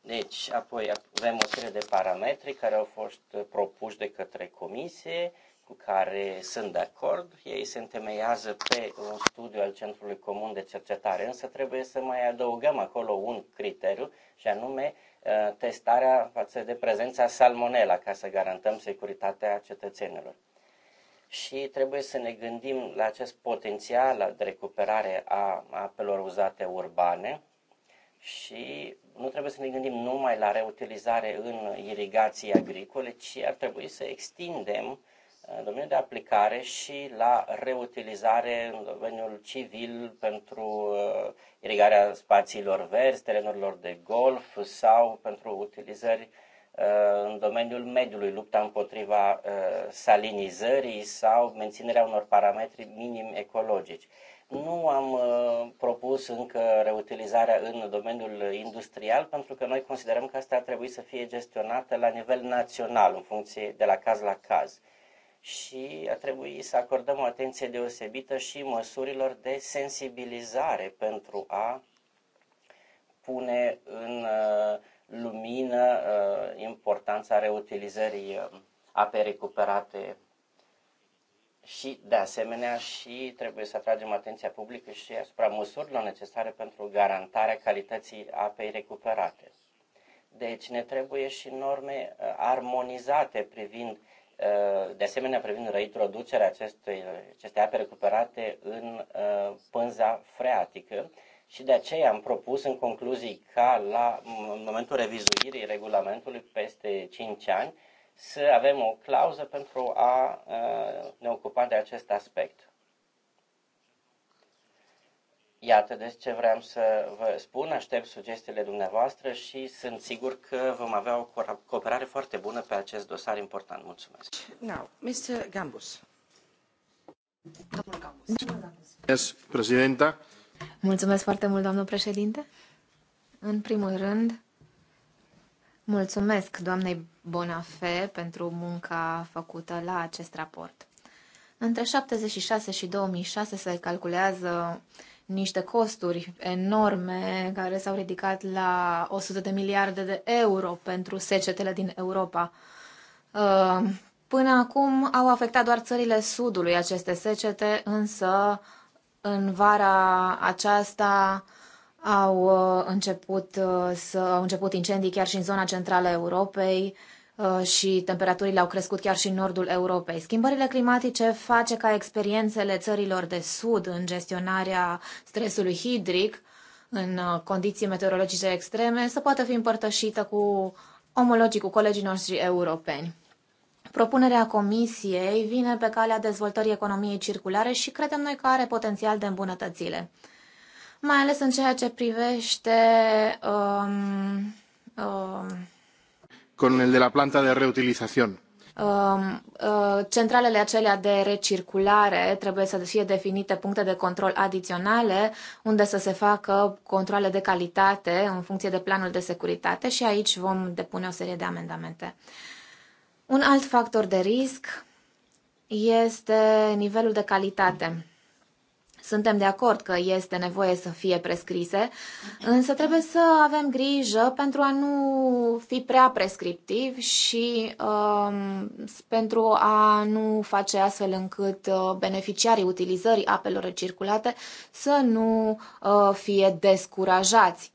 Deci, apoi avem o serie de parametri care au fost uh, propuși de către comisie, cu care sunt de acord. Ei se întemeiază pe un studiu al Centrului Comun de Cercetare, însă trebuie să mai adăugăm acolo un criteriu, și anume testarea față de prezența salmonella, ca să garantăm securitatea cetățenilor și trebuie să ne gândim la acest potențial de recuperare a apelor uzate urbane și nu trebuie să ne gândim numai la reutilizare în irigații agricole, ci ar trebui să extindem uh, domeniul de aplicare și la reutilizare în domeniul civil pentru uh, irigarea spațiilor verzi, terenurilor de golf sau pentru utilizări Uh, în domeniul mediului, lupta împotriva uh, salinizării sau menținerea unor parametri minim ecologici. Nu am uh, propus încă reutilizarea în domeniul industrial, pentru că noi considerăm că asta ar trebui să fie gestionată la nivel național, în funcție de la caz la caz. Și ar trebui să acordăm o atenție deosebită și măsurilor de sensibilizare pentru a pune în uh, lumină uh, importanța reutilizării uh, apei recuperate și, de asemenea, și trebuie să atragem atenția publică și asupra măsurilor necesare pentru garantarea calității apei recuperate. Deci ne trebuie și norme uh, armonizate privind, de asemenea, privind reintroducerea acestei, acestei ape recuperate în pânza freatică, și de aceea am propus în concluzii ca la, în momentul revizuirii regulamentului peste 5 ani să avem o clauză pentru a ne ocupa de acest aspect. Iată, deci ce vreau să vă spun, aștept sugestiile dumneavoastră și sunt sigur că vom avea o cooperare foarte bună pe acest dosar important. Mulțumesc. Now, Mr. Gambus. Domnul Gambus. Yes, președinta. Mulțumesc foarte mult, doamnă președinte. În primul rând, mulțumesc doamnei Bonafe pentru munca făcută la acest raport. Între 76 și 2006 se calculează niște costuri enorme care s-au ridicat la 100 de miliarde de euro pentru secetele din Europa. Uh, până acum au afectat doar țările sudului aceste secete, însă în vara aceasta au uh, început, uh, să, au început incendii chiar și în zona centrală a Europei uh, și temperaturile au crescut chiar și în nordul Europei. Schimbările climatice face ca experiențele țărilor de sud în gestionarea stresului hidric în condiții meteorologice extreme să poată fi împărtășită cu omologii, cu colegii noștri europeni. Propunerea Comisiei vine pe calea dezvoltării economiei circulare și credem noi că are potențial de îmbunătățire, mai ales în ceea ce privește. Um, um, con el de la planta de reutilización. Um, uh, centralele acelea de recirculare trebuie să fie definite puncte de control adiționale unde să se facă controle de calitate în funcție de planul de securitate și aici vom depune o serie de amendamente. Un alt factor de risc este nivelul de calitate. Suntem de acord că este nevoie să fie prescrise, însă trebuie să avem grijă pentru a nu fi prea prescriptiv și um, pentru a nu face astfel încât uh, beneficiarii utilizării apelor recirculate să nu uh, fie descurajați.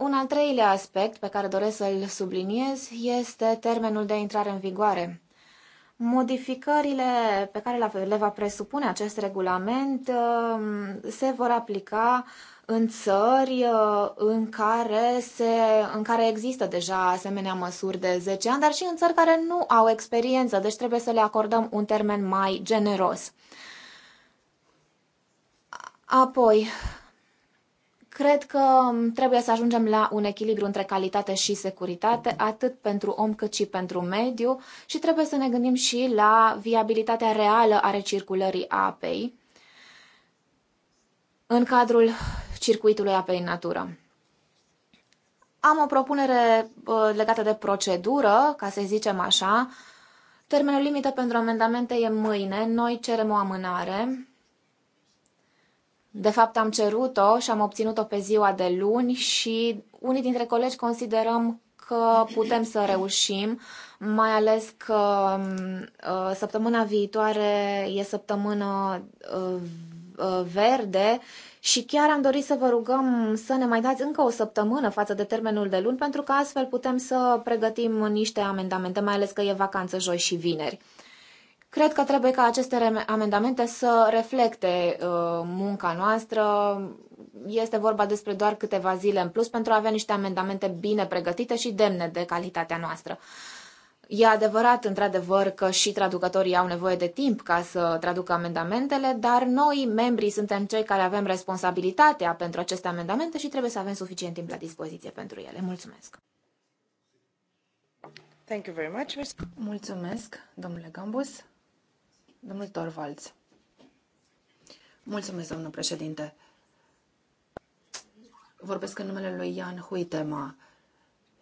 Un al treilea aspect pe care doresc să-l subliniez este termenul de intrare în vigoare. Modificările pe care le va presupune acest regulament um, se vor aplica în țări uh, în care, se, în care există deja asemenea măsuri de 10 ani, dar și în țări care nu au experiență, deci trebuie să le acordăm un termen mai generos. Apoi, Cred că um, trebuie să ajungem la un echilibru între calitate și securitate, atât pentru om cât și pentru mediu și trebuie să ne gândim și la viabilitatea reală a recirculării apei în cadrul circuitului apei în natură. Am o propunere uh, legată de procedură, ca să zicem așa. Termenul limită pentru amendamente e mâine. Noi cerem o amânare de fapt, am cerut-o și am obținut-o pe ziua de luni și unii dintre colegi considerăm că putem să reușim, mai ales că mm, uh, săptămâna viitoare e săptămână uh, uh, verde și chiar am dorit să vă rugăm să ne mai dați încă o săptămână față de termenul de luni, pentru că astfel putem să pregătim niște amendamente, mai ales că e vacanță joi și vineri. Cred că trebuie ca aceste amendamente să reflecte uh, munca noastră. Este vorba despre doar câteva zile în plus pentru a avea niște amendamente bine pregătite și demne de calitatea noastră. E adevărat, într-adevăr, că și traducătorii au nevoie de timp ca să traducă amendamentele, dar noi, membrii, suntem cei care avem responsabilitatea pentru aceste amendamente și trebuie să avem suficient timp la dispoziție pentru ele. Mulțumesc! Thank you very much. Mulțumesc, domnule Gambus. Domnul Torvalds. Mulțumesc, domnul președinte. Vorbesc în numele lui Ian Huitema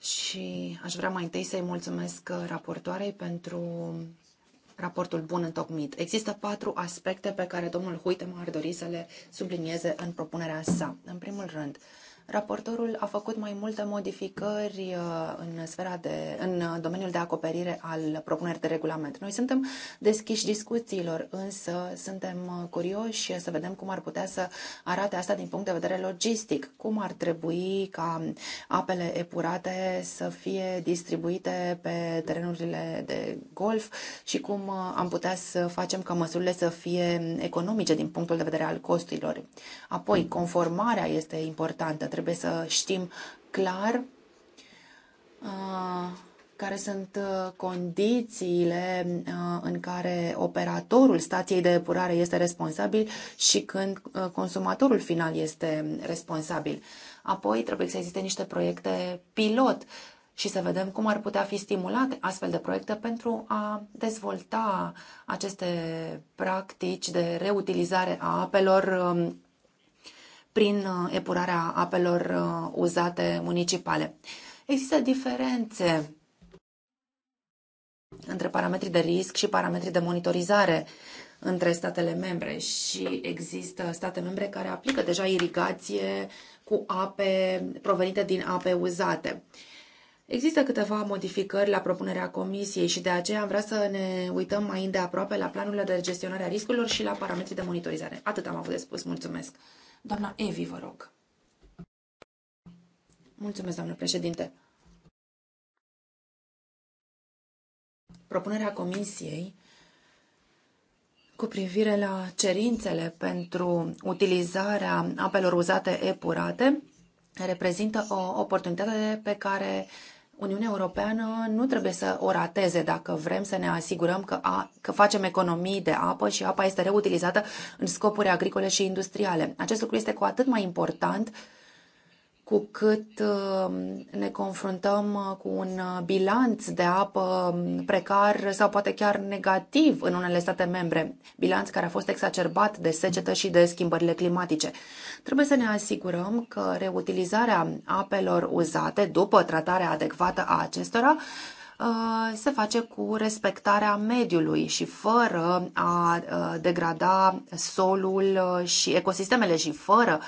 și aș vrea mai întâi să-i mulțumesc raportoarei pentru raportul bun întocmit. Există patru aspecte pe care domnul Huitema ar dori să le sublinieze în propunerea sa. În primul rând, Raportorul a făcut mai multe modificări uh, în, sfera de, în domeniul de acoperire al propunerii de regulament. Noi suntem deschiși discuțiilor, însă suntem uh, curioși să vedem cum ar putea să arate asta din punct de vedere logistic, cum ar trebui ca apele epurate să fie distribuite pe terenurile de golf și cum uh, am putea să facem ca măsurile să fie economice din punctul de vedere al costurilor. Apoi, conformarea este importantă trebuie să știm clar uh, care sunt uh, condițiile uh, în care operatorul stației de epurare este responsabil și când consumatorul final este responsabil. Apoi trebuie să existe niște proiecte pilot și să vedem cum ar putea fi stimulate astfel de proiecte pentru a dezvolta aceste practici de reutilizare a apelor um, prin uh, epurarea apelor uh, uzate municipale. Există diferențe între parametrii de risc și parametrii de monitorizare între statele membre și există state membre care aplică deja irigație cu ape provenite din ape uzate. Există câteva modificări la propunerea Comisiei și de aceea am vrea să ne uităm mai îndeaproape la planurile de gestionare a riscurilor și la parametrii de monitorizare. Atât am avut de spus. Mulțumesc! Doamna Evi, vă rog. Mulțumesc, doamnă președinte. Propunerea comisiei cu privire la cerințele pentru utilizarea apelor uzate epurate reprezintă o oportunitate pe care Uniunea Europeană nu trebuie să o rateze dacă vrem să ne asigurăm că, a, că facem economii de apă și apa este reutilizată în scopuri agricole și industriale. Acest lucru este cu atât mai important uh, cu cât uh, ne confruntăm uh, cu un uh, bilanț de apă um, precar sau poate chiar negativ în unele state membre, bilanț care a fost exacerbat de secetă și de schimbările climatice. Trebuie să ne asigurăm că reutilizarea apelor uzate după tratarea adecvată a acestora Uh, se face cu respectarea mediului și fără a uh, degrada solul uh, și ecosistemele și fără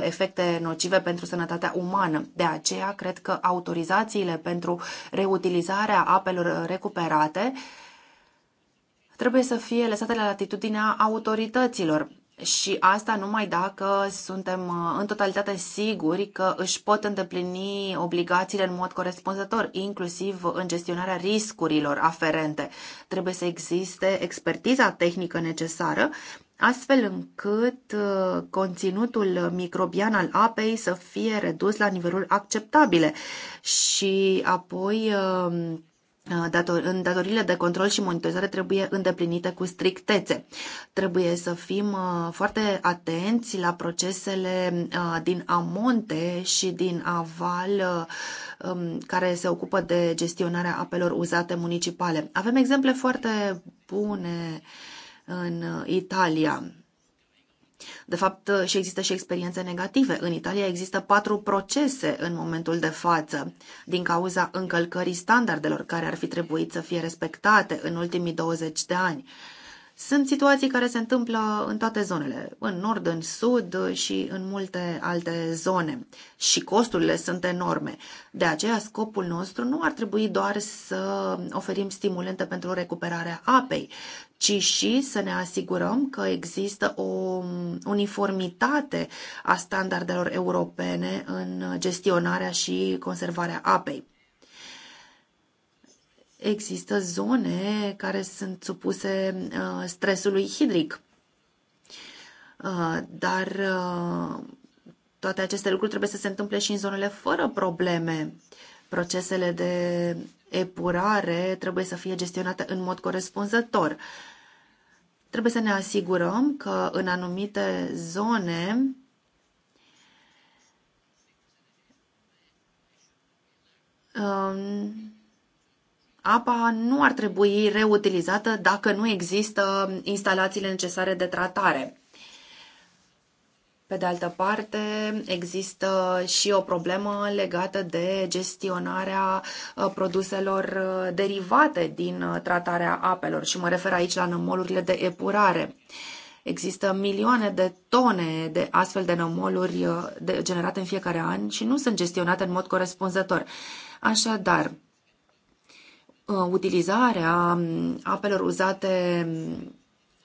efecte nocive pentru sănătatea umană. De aceea, cred că autorizațiile pentru reutilizarea apelor recuperate trebuie să fie lăsate la latitudinea autorităților și asta numai dacă suntem uh, în totalitate siguri că își pot îndeplini obligațiile în mod corespunzător, inclusiv în gestionarea riscurilor aferente. Trebuie să existe expertiza tehnică necesară, astfel încât uh, conținutul microbian al apei să fie redus la nivelul acceptabile și apoi uh, Uh, Datorile de control și monitorizare trebuie îndeplinite cu strictețe. Trebuie să fim uh, foarte atenți la procesele uh, din amonte și din aval um, care se ocupă de gestionarea apelor uzate municipale. Avem exemple foarte bune în Italia de fapt, și există și experiențe negative. În Italia există patru procese în momentul de față din cauza încălcării standardelor care ar fi trebuit să fie respectate în ultimii 20 de ani. Sunt situații care se întâmplă în toate zonele, în nord, în sud și în multe alte zone. Și costurile sunt enorme. De aceea, scopul nostru nu ar trebui doar să oferim stimulente pentru recuperarea apei, ci și să ne asigurăm că există o uniformitate a standardelor europene în gestionarea și conservarea apei există zone care sunt supuse uh, stresului hidric. Uh, dar uh, toate aceste lucruri trebuie să se întâmple și în zonele fără probleme. Procesele de epurare trebuie să fie gestionate în mod corespunzător. Trebuie să ne asigurăm că în anumite zone um, apa nu ar trebui reutilizată dacă nu există instalațiile necesare de tratare. Pe de altă parte, există și o problemă legată de gestionarea uh, produselor uh, derivate din uh, tratarea apelor și mă refer aici la nămolurile de epurare. Există milioane de tone de astfel de nămoluri generate în fiecare an și nu sunt gestionate în mod corespunzător. Așadar, Uh, utilizarea um, apelor uzate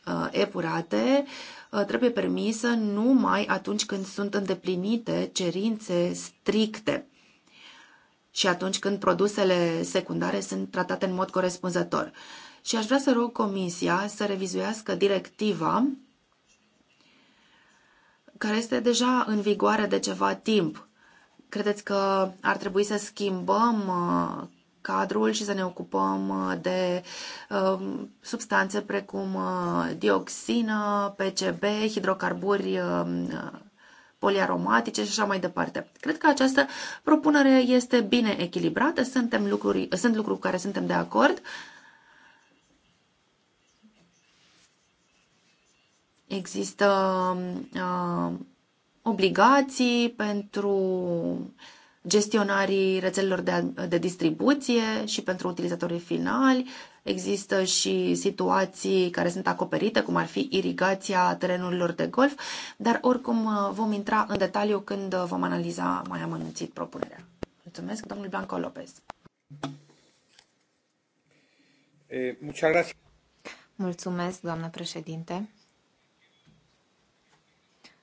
uh, epurate uh, trebuie permisă numai atunci când sunt îndeplinite cerințe stricte și atunci când produsele secundare sunt tratate în mod corespunzător. Și aș vrea să rog Comisia să revizuiască directiva care este deja în vigoare de ceva timp. Credeți că ar trebui să schimbăm cadrul și să ne ocupăm uh, de uh, substanțe precum uh, dioxină, PCB, hidrocarburi poliaromatice și așa mai departe. Cred că această propunere este bine echilibrată, suntem lucruri, sunt lucruri cu care suntem de acord. Există uh, obligații pentru uh, gestionarii rețelelor de, de distribuție și pentru utilizatorii finali. Există și situații care sunt acoperite, cum ar fi irigația terenurilor de golf, dar oricum uh, vom intra în detaliu când uh, vom analiza mai amănunțit propunerea. Mulțumesc, domnul Blanco Lopez. Eh, Mulțumesc, doamnă președinte.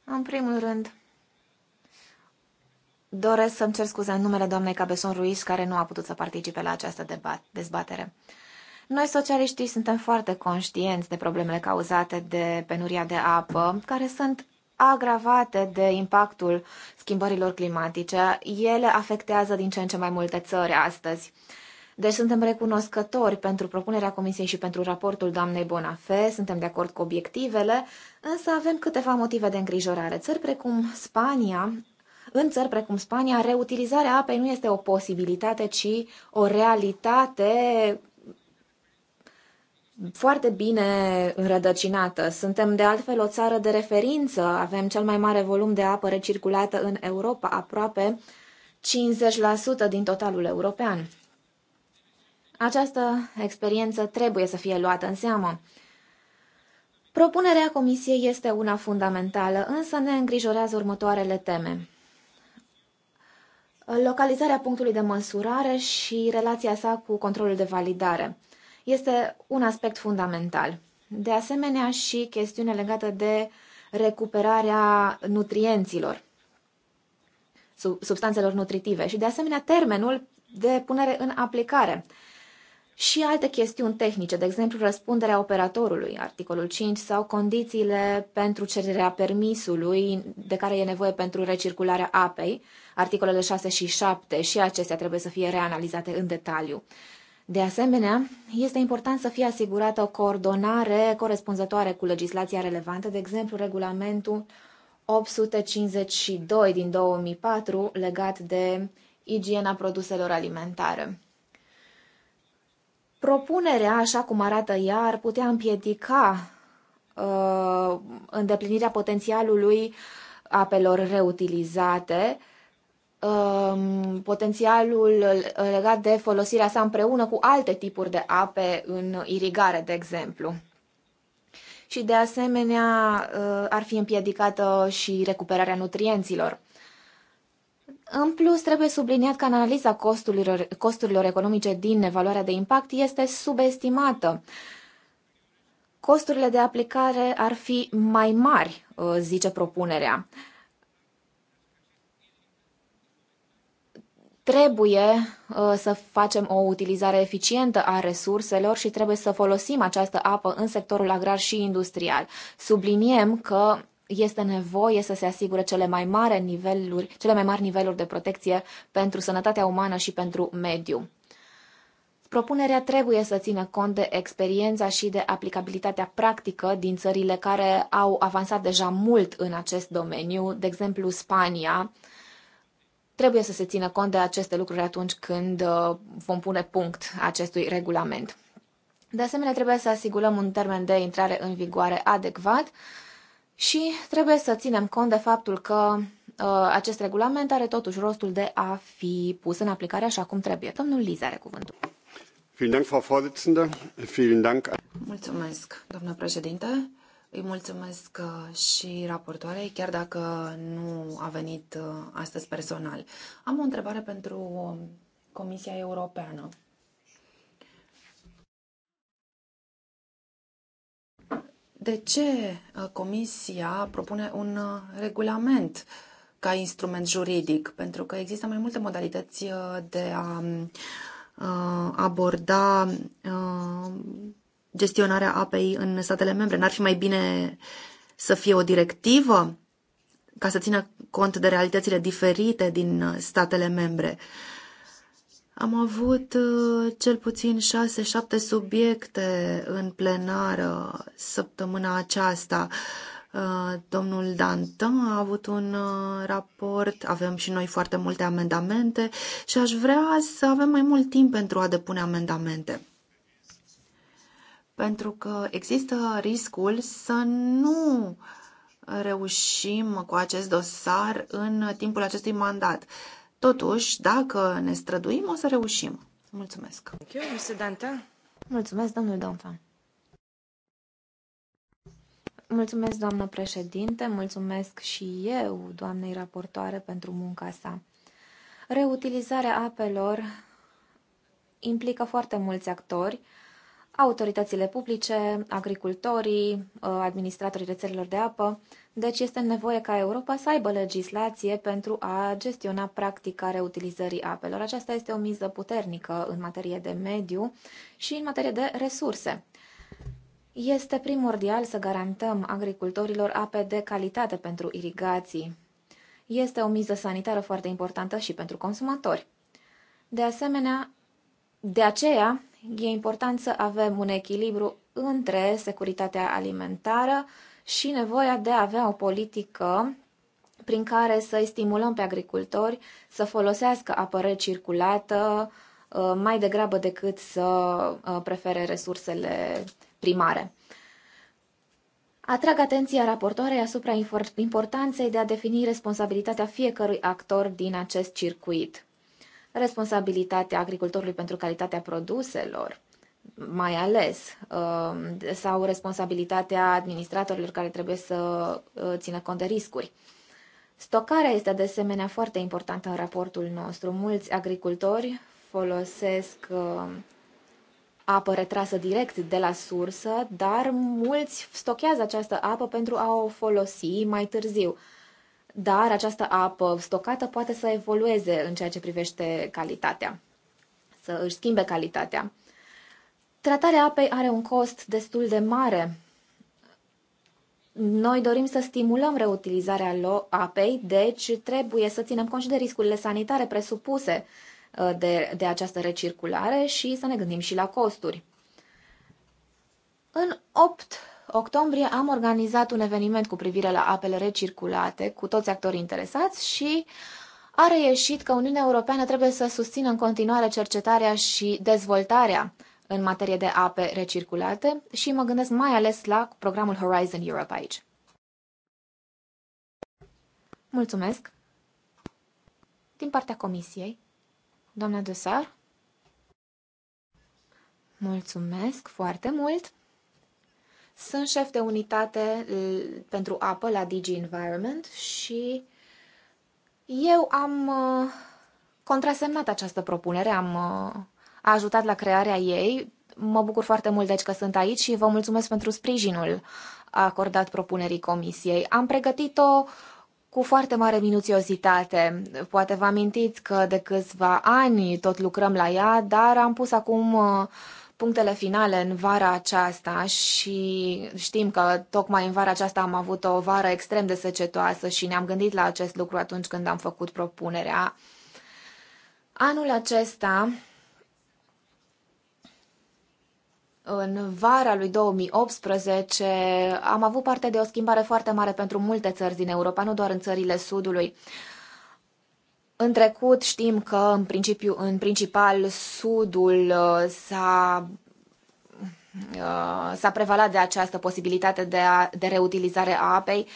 În primul rând, Doresc să-mi cer scuze în numele doamnei Cabeson Ruiz, care nu a putut să participe la această dezbatere. Noi, socialiștii, suntem foarte conștienți de problemele cauzate de penuria de apă, care sunt agravate de impactul schimbărilor climatice. Ele afectează din ce în ce mai multe țări astăzi. Deci suntem recunoscători pentru propunerea Comisiei și pentru raportul doamnei Bonafé, suntem de acord cu obiectivele, însă avem câteva motive de îngrijorare. Țări precum Spania în țări precum Spania, reutilizarea apei nu este o posibilitate, ci o realitate foarte bine înrădăcinată. Suntem de altfel o țară de referință, avem cel mai mare volum de apă recirculată în Europa, aproape 50% din totalul european. Această experiență trebuie să fie luată în seamă. Propunerea Comisiei este una fundamentală, însă ne îngrijorează următoarele teme localizarea punctului de măsurare și relația sa cu controlul de validare. Este un aspect fundamental. De asemenea și chestiunea legată de recuperarea nutrienților, substanțelor nutritive și de asemenea termenul de punere în aplicare și alte chestiuni tehnice, de exemplu răspunderea operatorului, articolul 5, sau condițiile pentru cererea permisului de care e nevoie pentru recircularea apei, articolele 6 și 7 și acestea trebuie să fie reanalizate în detaliu. De asemenea, este important să fie asigurată o coordonare corespunzătoare cu legislația relevantă, de exemplu regulamentul 852 din 2004 legat de igiena produselor alimentare. Propunerea, așa cum arată ea, ar putea împiedica uh, îndeplinirea potențialului apelor reutilizate uh, Um, potențialul uh, legat de folosirea sa împreună cu alte tipuri de ape în irigare, de exemplu. Și de asemenea uh, ar fi împiedicată și recuperarea nutrienților. În plus, trebuie subliniat că analiza costurilor, costurilor economice din evaluarea de impact este subestimată. Costurile de aplicare ar fi mai mari, uh, zice propunerea. Trebuie uh, să facem o utilizare eficientă a resurselor și trebuie să folosim această apă în sectorul agrar și industrial. Subliniem că este nevoie să se asigure cele mai, mari niveluri, cele mai mari niveluri de protecție pentru sănătatea umană și pentru mediu. Propunerea trebuie să țină cont de experiența și de aplicabilitatea practică din țările care au avansat deja mult în acest domeniu, de exemplu Spania, Trebuie să se țină cont de aceste lucruri atunci când uh, vom pune punct acestui regulament. De asemenea, trebuie să asigurăm un termen de intrare în vigoare adecvat și trebuie să ținem cont de faptul că uh, acest regulament are totuși rostul de a fi pus în aplicare așa cum trebuie. Domnul Liza are cuvântul. Mulțumesc, doamnă președinte. Îi mulțumesc uh, și raportoarei, chiar dacă nu a venit uh, astăzi personal. Am o întrebare pentru um, Comisia Europeană. De ce uh, Comisia propune un regulament ca instrument juridic? Pentru că există mai multe modalități de a aborda gestionarea apei în statele membre? N-ar fi mai bine să fie o directivă ca să țină cont de realitățile diferite din uh, statele membre? Am avut uh, cel puțin șase, șapte subiecte în plenară săptămâna aceasta. Uh, domnul Dantin a avut un raport, avem și noi foarte multe amendamente și aș vrea să avem mai mult timp pentru a depune amendamente pentru că există riscul să nu reușim cu acest dosar în timpul acestui mandat. Totuși, dacă ne străduim, o să reușim. Mulțumesc. Mulțumesc, domnul Dantan. Mulțumesc, doamnă președinte, mulțumesc și eu, doamnei raportoare, pentru munca sa. Reutilizarea apelor implică foarte mulți actori, autoritățile publice, agricultorii, ă, administratorii rețelelor de apă. Deci este nevoie ca Europa să aibă legislație pentru a gestiona practica reutilizării apelor. Aceasta este o miză puternică în materie de mediu și în materie de resurse. Este primordial să garantăm agricultorilor ape de calitate pentru irigații. Este o miză sanitară foarte importantă și pentru consumatori. De asemenea, de aceea, e important să avem un echilibru între securitatea alimentară și nevoia de a avea o politică prin care să-i stimulăm pe agricultori să folosească apă circulată uh, mai degrabă decât să uh, prefere resursele primare. Atrag atenția raportoarei asupra importanței de a defini responsabilitatea fiecărui actor din acest circuit responsabilitatea agricultorului pentru calitatea produselor, mai ales, um, sau responsabilitatea administratorilor care trebuie să uh, țină cont de riscuri. Stocarea este de asemenea foarte importantă în raportul nostru. Mulți agricultori folosesc um, apă retrasă direct de la sursă, dar mulți stochează această apă pentru a o folosi mai târziu dar această apă stocată poate să evolueze în ceea ce privește calitatea, să își schimbe calitatea. Tratarea apei are un cost destul de mare. Noi dorim să stimulăm reutilizarea apei, deci trebuie să ținem cont și de riscurile sanitare presupuse uh, de, de această recirculare și să ne gândim și la costuri. În 8 octombrie am organizat un eveniment cu privire la apele recirculate cu toți actorii interesați și a reieșit că Uniunea Europeană trebuie să susțină în continuare cercetarea și dezvoltarea în materie de ape recirculate și mă gândesc mai ales la programul Horizon Europe aici. Mulțumesc! Din partea Comisiei, doamna Dusar, mulțumesc foarte mult! Sunt șef de unitate pentru apă la DG Environment și eu am uh, contrasemnat această propunere, am uh, ajutat la crearea ei. Mă bucur foarte mult deci că sunt aici și vă mulțumesc pentru sprijinul acordat propunerii comisiei. Am pregătit-o cu foarte mare minuțiozitate. Poate vă amintiți că de câțiva ani tot lucrăm la ea, dar am pus acum uh, punctele finale în vara aceasta și știm că tocmai în vara aceasta am avut o vară extrem de secetoasă și ne-am gândit la acest lucru atunci când am făcut propunerea. Anul acesta, în vara lui 2018 am avut parte de o schimbare foarte mare pentru multe țări din Europa, nu doar în țările Sudului. În trecut știm că, în, principiu, în principal, Sudul uh, s-a uh, s-a prevalat de această posibilitate de, a, de reutilizare a apei,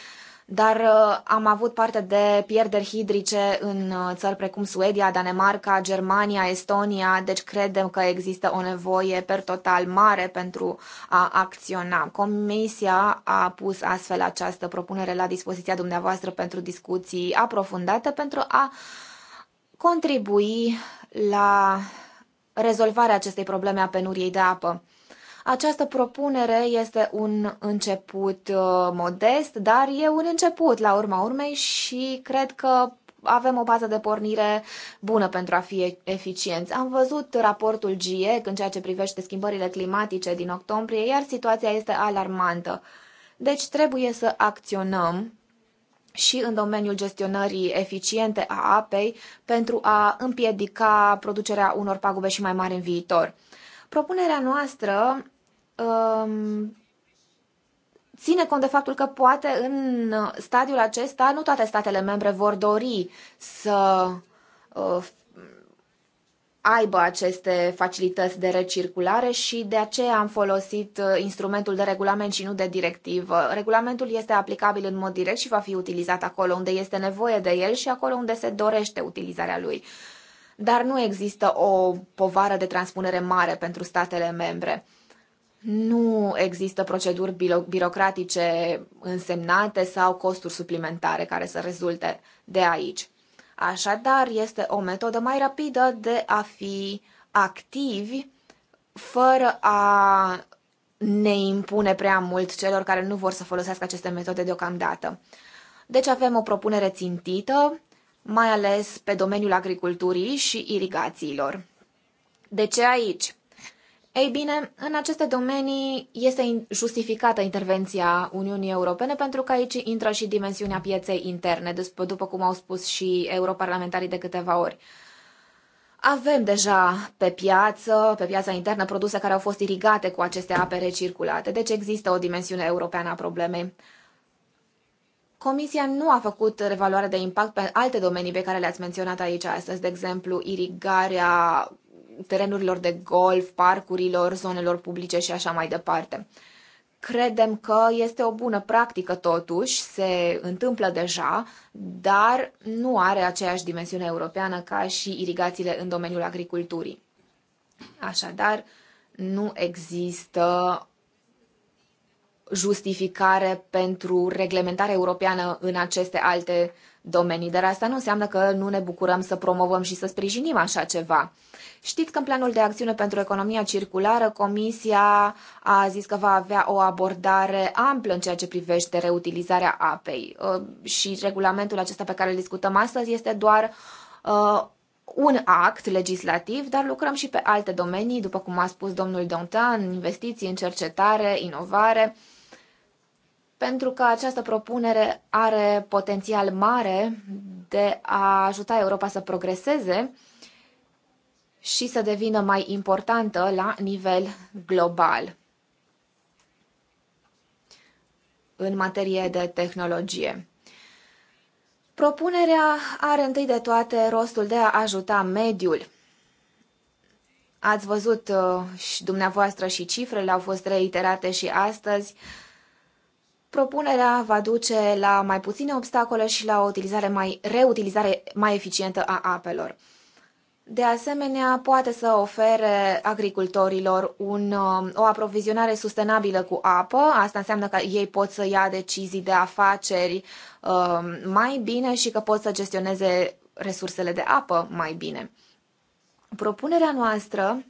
dar uh, am avut parte de pierderi hidrice în țări precum Suedia, Danemarca, Germania, Estonia, deci credem că există o nevoie per total mare pentru a acționa. Comisia a pus astfel această propunere la dispoziția dumneavoastră pentru discuții aprofundate pentru a uh, contribui la rezolvarea acestei probleme a penuriei de apă. Această propunere este un început uh, modest, dar e un început la urma urmei și cred că avem o bază de pornire bună pentru a fi eficienți. Am văzut raportul GIEC în ceea ce privește schimbările climatice din octombrie, iar situația este alarmantă. Deci trebuie să acționăm și în domeniul gestionării eficiente a apei pentru a împiedica producerea unor pagube și mai mari în viitor. Propunerea noastră um, ține cont de faptul că poate în stadiul acesta nu toate statele membre vor dori să uh, aibă aceste facilități de recirculare și de aceea am folosit uh, instrumentul de regulament și nu de directivă. Regulamentul este aplicabil în mod direct și va fi utilizat acolo unde este nevoie de el și acolo unde se dorește utilizarea lui. Dar nu există o povară de transpunere mare pentru statele membre. Nu există proceduri birocratice însemnate sau costuri suplimentare care să rezulte de aici. Așadar, este o metodă mai rapidă de a fi activi fără a ne impune prea mult celor care nu vor să folosească aceste metode deocamdată. Deci avem o propunere țintită, mai ales pe domeniul agriculturii și irigațiilor. De ce aici? Ei bine, în aceste domenii este justificată intervenția Uniunii Europene pentru că aici intră și dimensiunea pieței interne, după cum au spus și europarlamentarii de câteva ori. Avem deja pe piață, pe piața internă, produse care au fost irigate cu aceste ape recirculate, deci există o dimensiune europeană a problemei. Comisia nu a făcut evaluare de impact pe alte domenii pe care le-ați menționat aici astăzi, de exemplu, irigarea terenurilor de golf, parcurilor, zonelor publice și așa mai departe. Credem că este o bună practică totuși, se întâmplă deja, dar nu are aceeași dimensiune europeană ca și irigațiile în domeniul agriculturii. Așadar, nu există justificare pentru reglementare europeană în aceste alte domenii, dar asta nu înseamnă că nu ne bucurăm să promovăm și să sprijinim așa ceva. Știți că în planul de acțiune pentru economia circulară, Comisia a zis că va avea o abordare amplă în ceea ce privește reutilizarea apei uh, și regulamentul acesta pe care îl discutăm astăzi este doar uh, un act legislativ, dar lucrăm și pe alte domenii, după cum a spus domnul Dontan, investiții în cercetare, inovare, pentru că această propunere are potențial mare de a ajuta Europa să progreseze și să devină mai importantă la nivel global în materie de tehnologie. Propunerea are întâi de toate rostul de a ajuta mediul. Ați văzut uh, și dumneavoastră și cifrele au fost reiterate și astăzi. Propunerea va duce la mai puține obstacole și la o utilizare mai, reutilizare mai eficientă a apelor. De asemenea, poate să ofere agricultorilor un, um, o aprovizionare sustenabilă cu apă. Asta înseamnă că ei pot să ia decizii de afaceri um, mai bine și că pot să gestioneze resursele de apă mai bine. Propunerea noastră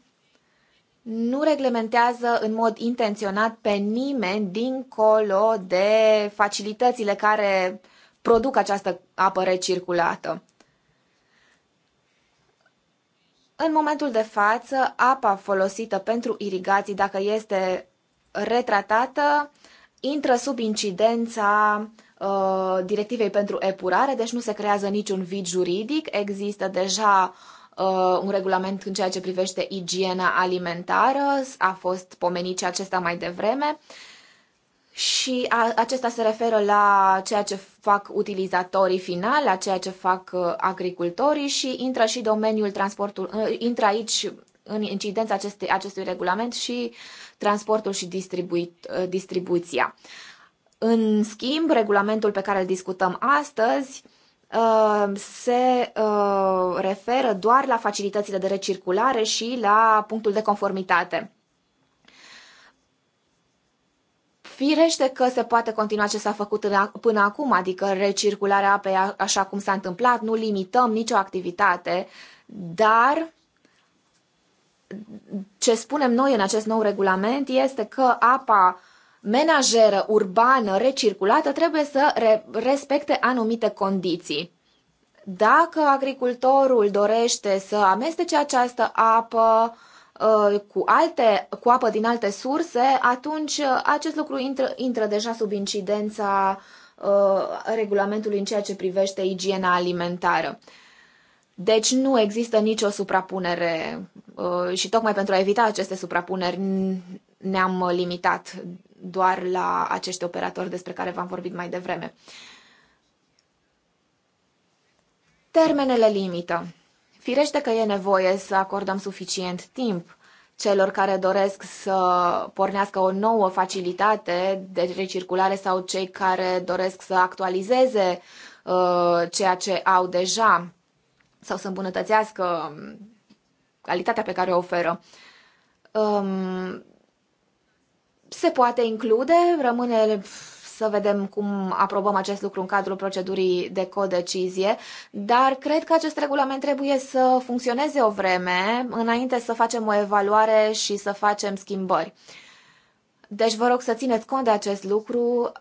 nu reglementează în mod intenționat pe nimeni dincolo de facilitățile care produc această apă recirculată. În momentul de față, apa folosită pentru irigații, dacă este retratată, intră sub incidența uh, directivei pentru epurare, deci nu se creează niciun vid juridic, există deja uh, un regulament în ceea ce privește igiena alimentară, a fost pomenit și acesta mai devreme. Uh, și a, acesta se referă la ceea ce fac utilizatorii finali, la ceea ce fac uh, agricultorii și intră și domeniul transportul, uh, intră aici în incidența aceste, acestui regulament și transportul și uh, distribuția. În schimb, regulamentul pe care îl discutăm astăzi uh, se referă doar la facilitățile de recirculare și la punctul de conformitate. Firește că se poate continua ce s-a făcut până acum, adică recircularea apei așa cum s-a întâmplat, nu limităm nicio activitate, dar ce spunem noi în acest nou regulament este că apa menajeră urbană recirculată trebuie să re- respecte anumite condiții. Dacă agricultorul dorește să amestece această apă, Uh, cu, alte, cu apă din alte surse, atunci uh, acest lucru intră, intră deja sub incidența uh, regulamentului în ceea ce privește igiena alimentară. Deci nu există nicio suprapunere și tocmai pentru a evita aceste suprapuneri ne-am limitat doar la acești operatori despre care v-am vorbit mai devreme. Termenele limită. Firește că e nevoie să acordăm suficient timp celor care doresc să pornească o nouă facilitate de recirculare sau cei care doresc să actualizeze uh, ceea ce au deja sau să îmbunătățească um, calitatea pe care o oferă. Um, se poate include, rămâne să vedem cum aprobăm acest lucru în cadrul procedurii de codecizie, dar cred că acest regulament trebuie să funcționeze o vreme înainte să facem o evaluare și să facem schimbări. Deci vă rog să țineți cont de acest lucru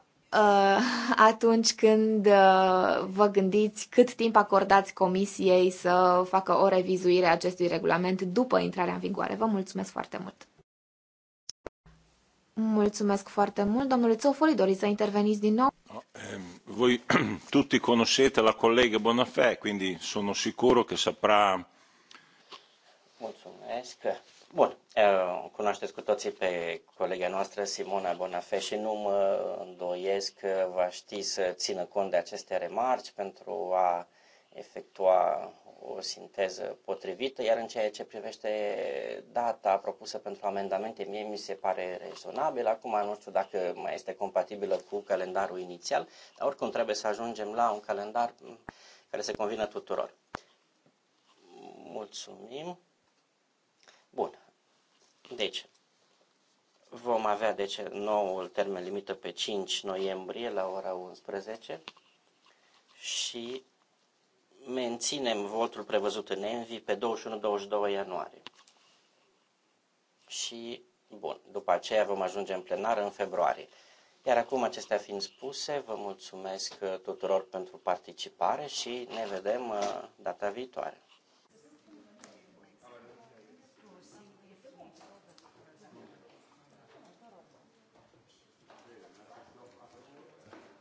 uh, atunci când uh, vă gândiți cât timp acordați comisiei să facă o revizuire a acestui regulament după intrarea în vigoare. Vă mulțumesc foarte mult! Mulțumesc foarte mult. Domnule Țofoli, doriți să interveniți din nou? Ehm, voi toți conoscete la collega Bonafè, quindi sono sicuro che saprà... Mulțumesc. Bun, eh, cunoașteți cu toții pe colega noastră, Simona Bonafè, și nu mă îndoiesc că va ști să țină cont de aceste remarci pentru a efectua o sinteză potrivită, iar în ceea ce privește data propusă pentru amendamente, mie mi se pare rezonabil. Acum nu știu dacă mai este compatibilă cu calendarul inițial, dar oricum trebuie să ajungem la un calendar care se convină tuturor. Mulțumim. Bun. Deci, vom avea deci, noul termen limită pe 5 noiembrie la ora 11 și menținem votul prevăzut în Envi pe 21-22 ianuarie. Și, bun, după aceea vom ajunge în plenară în februarie. Iar acum, acestea fiind spuse, vă mulțumesc tuturor pentru participare și ne vedem uh, data viitoare.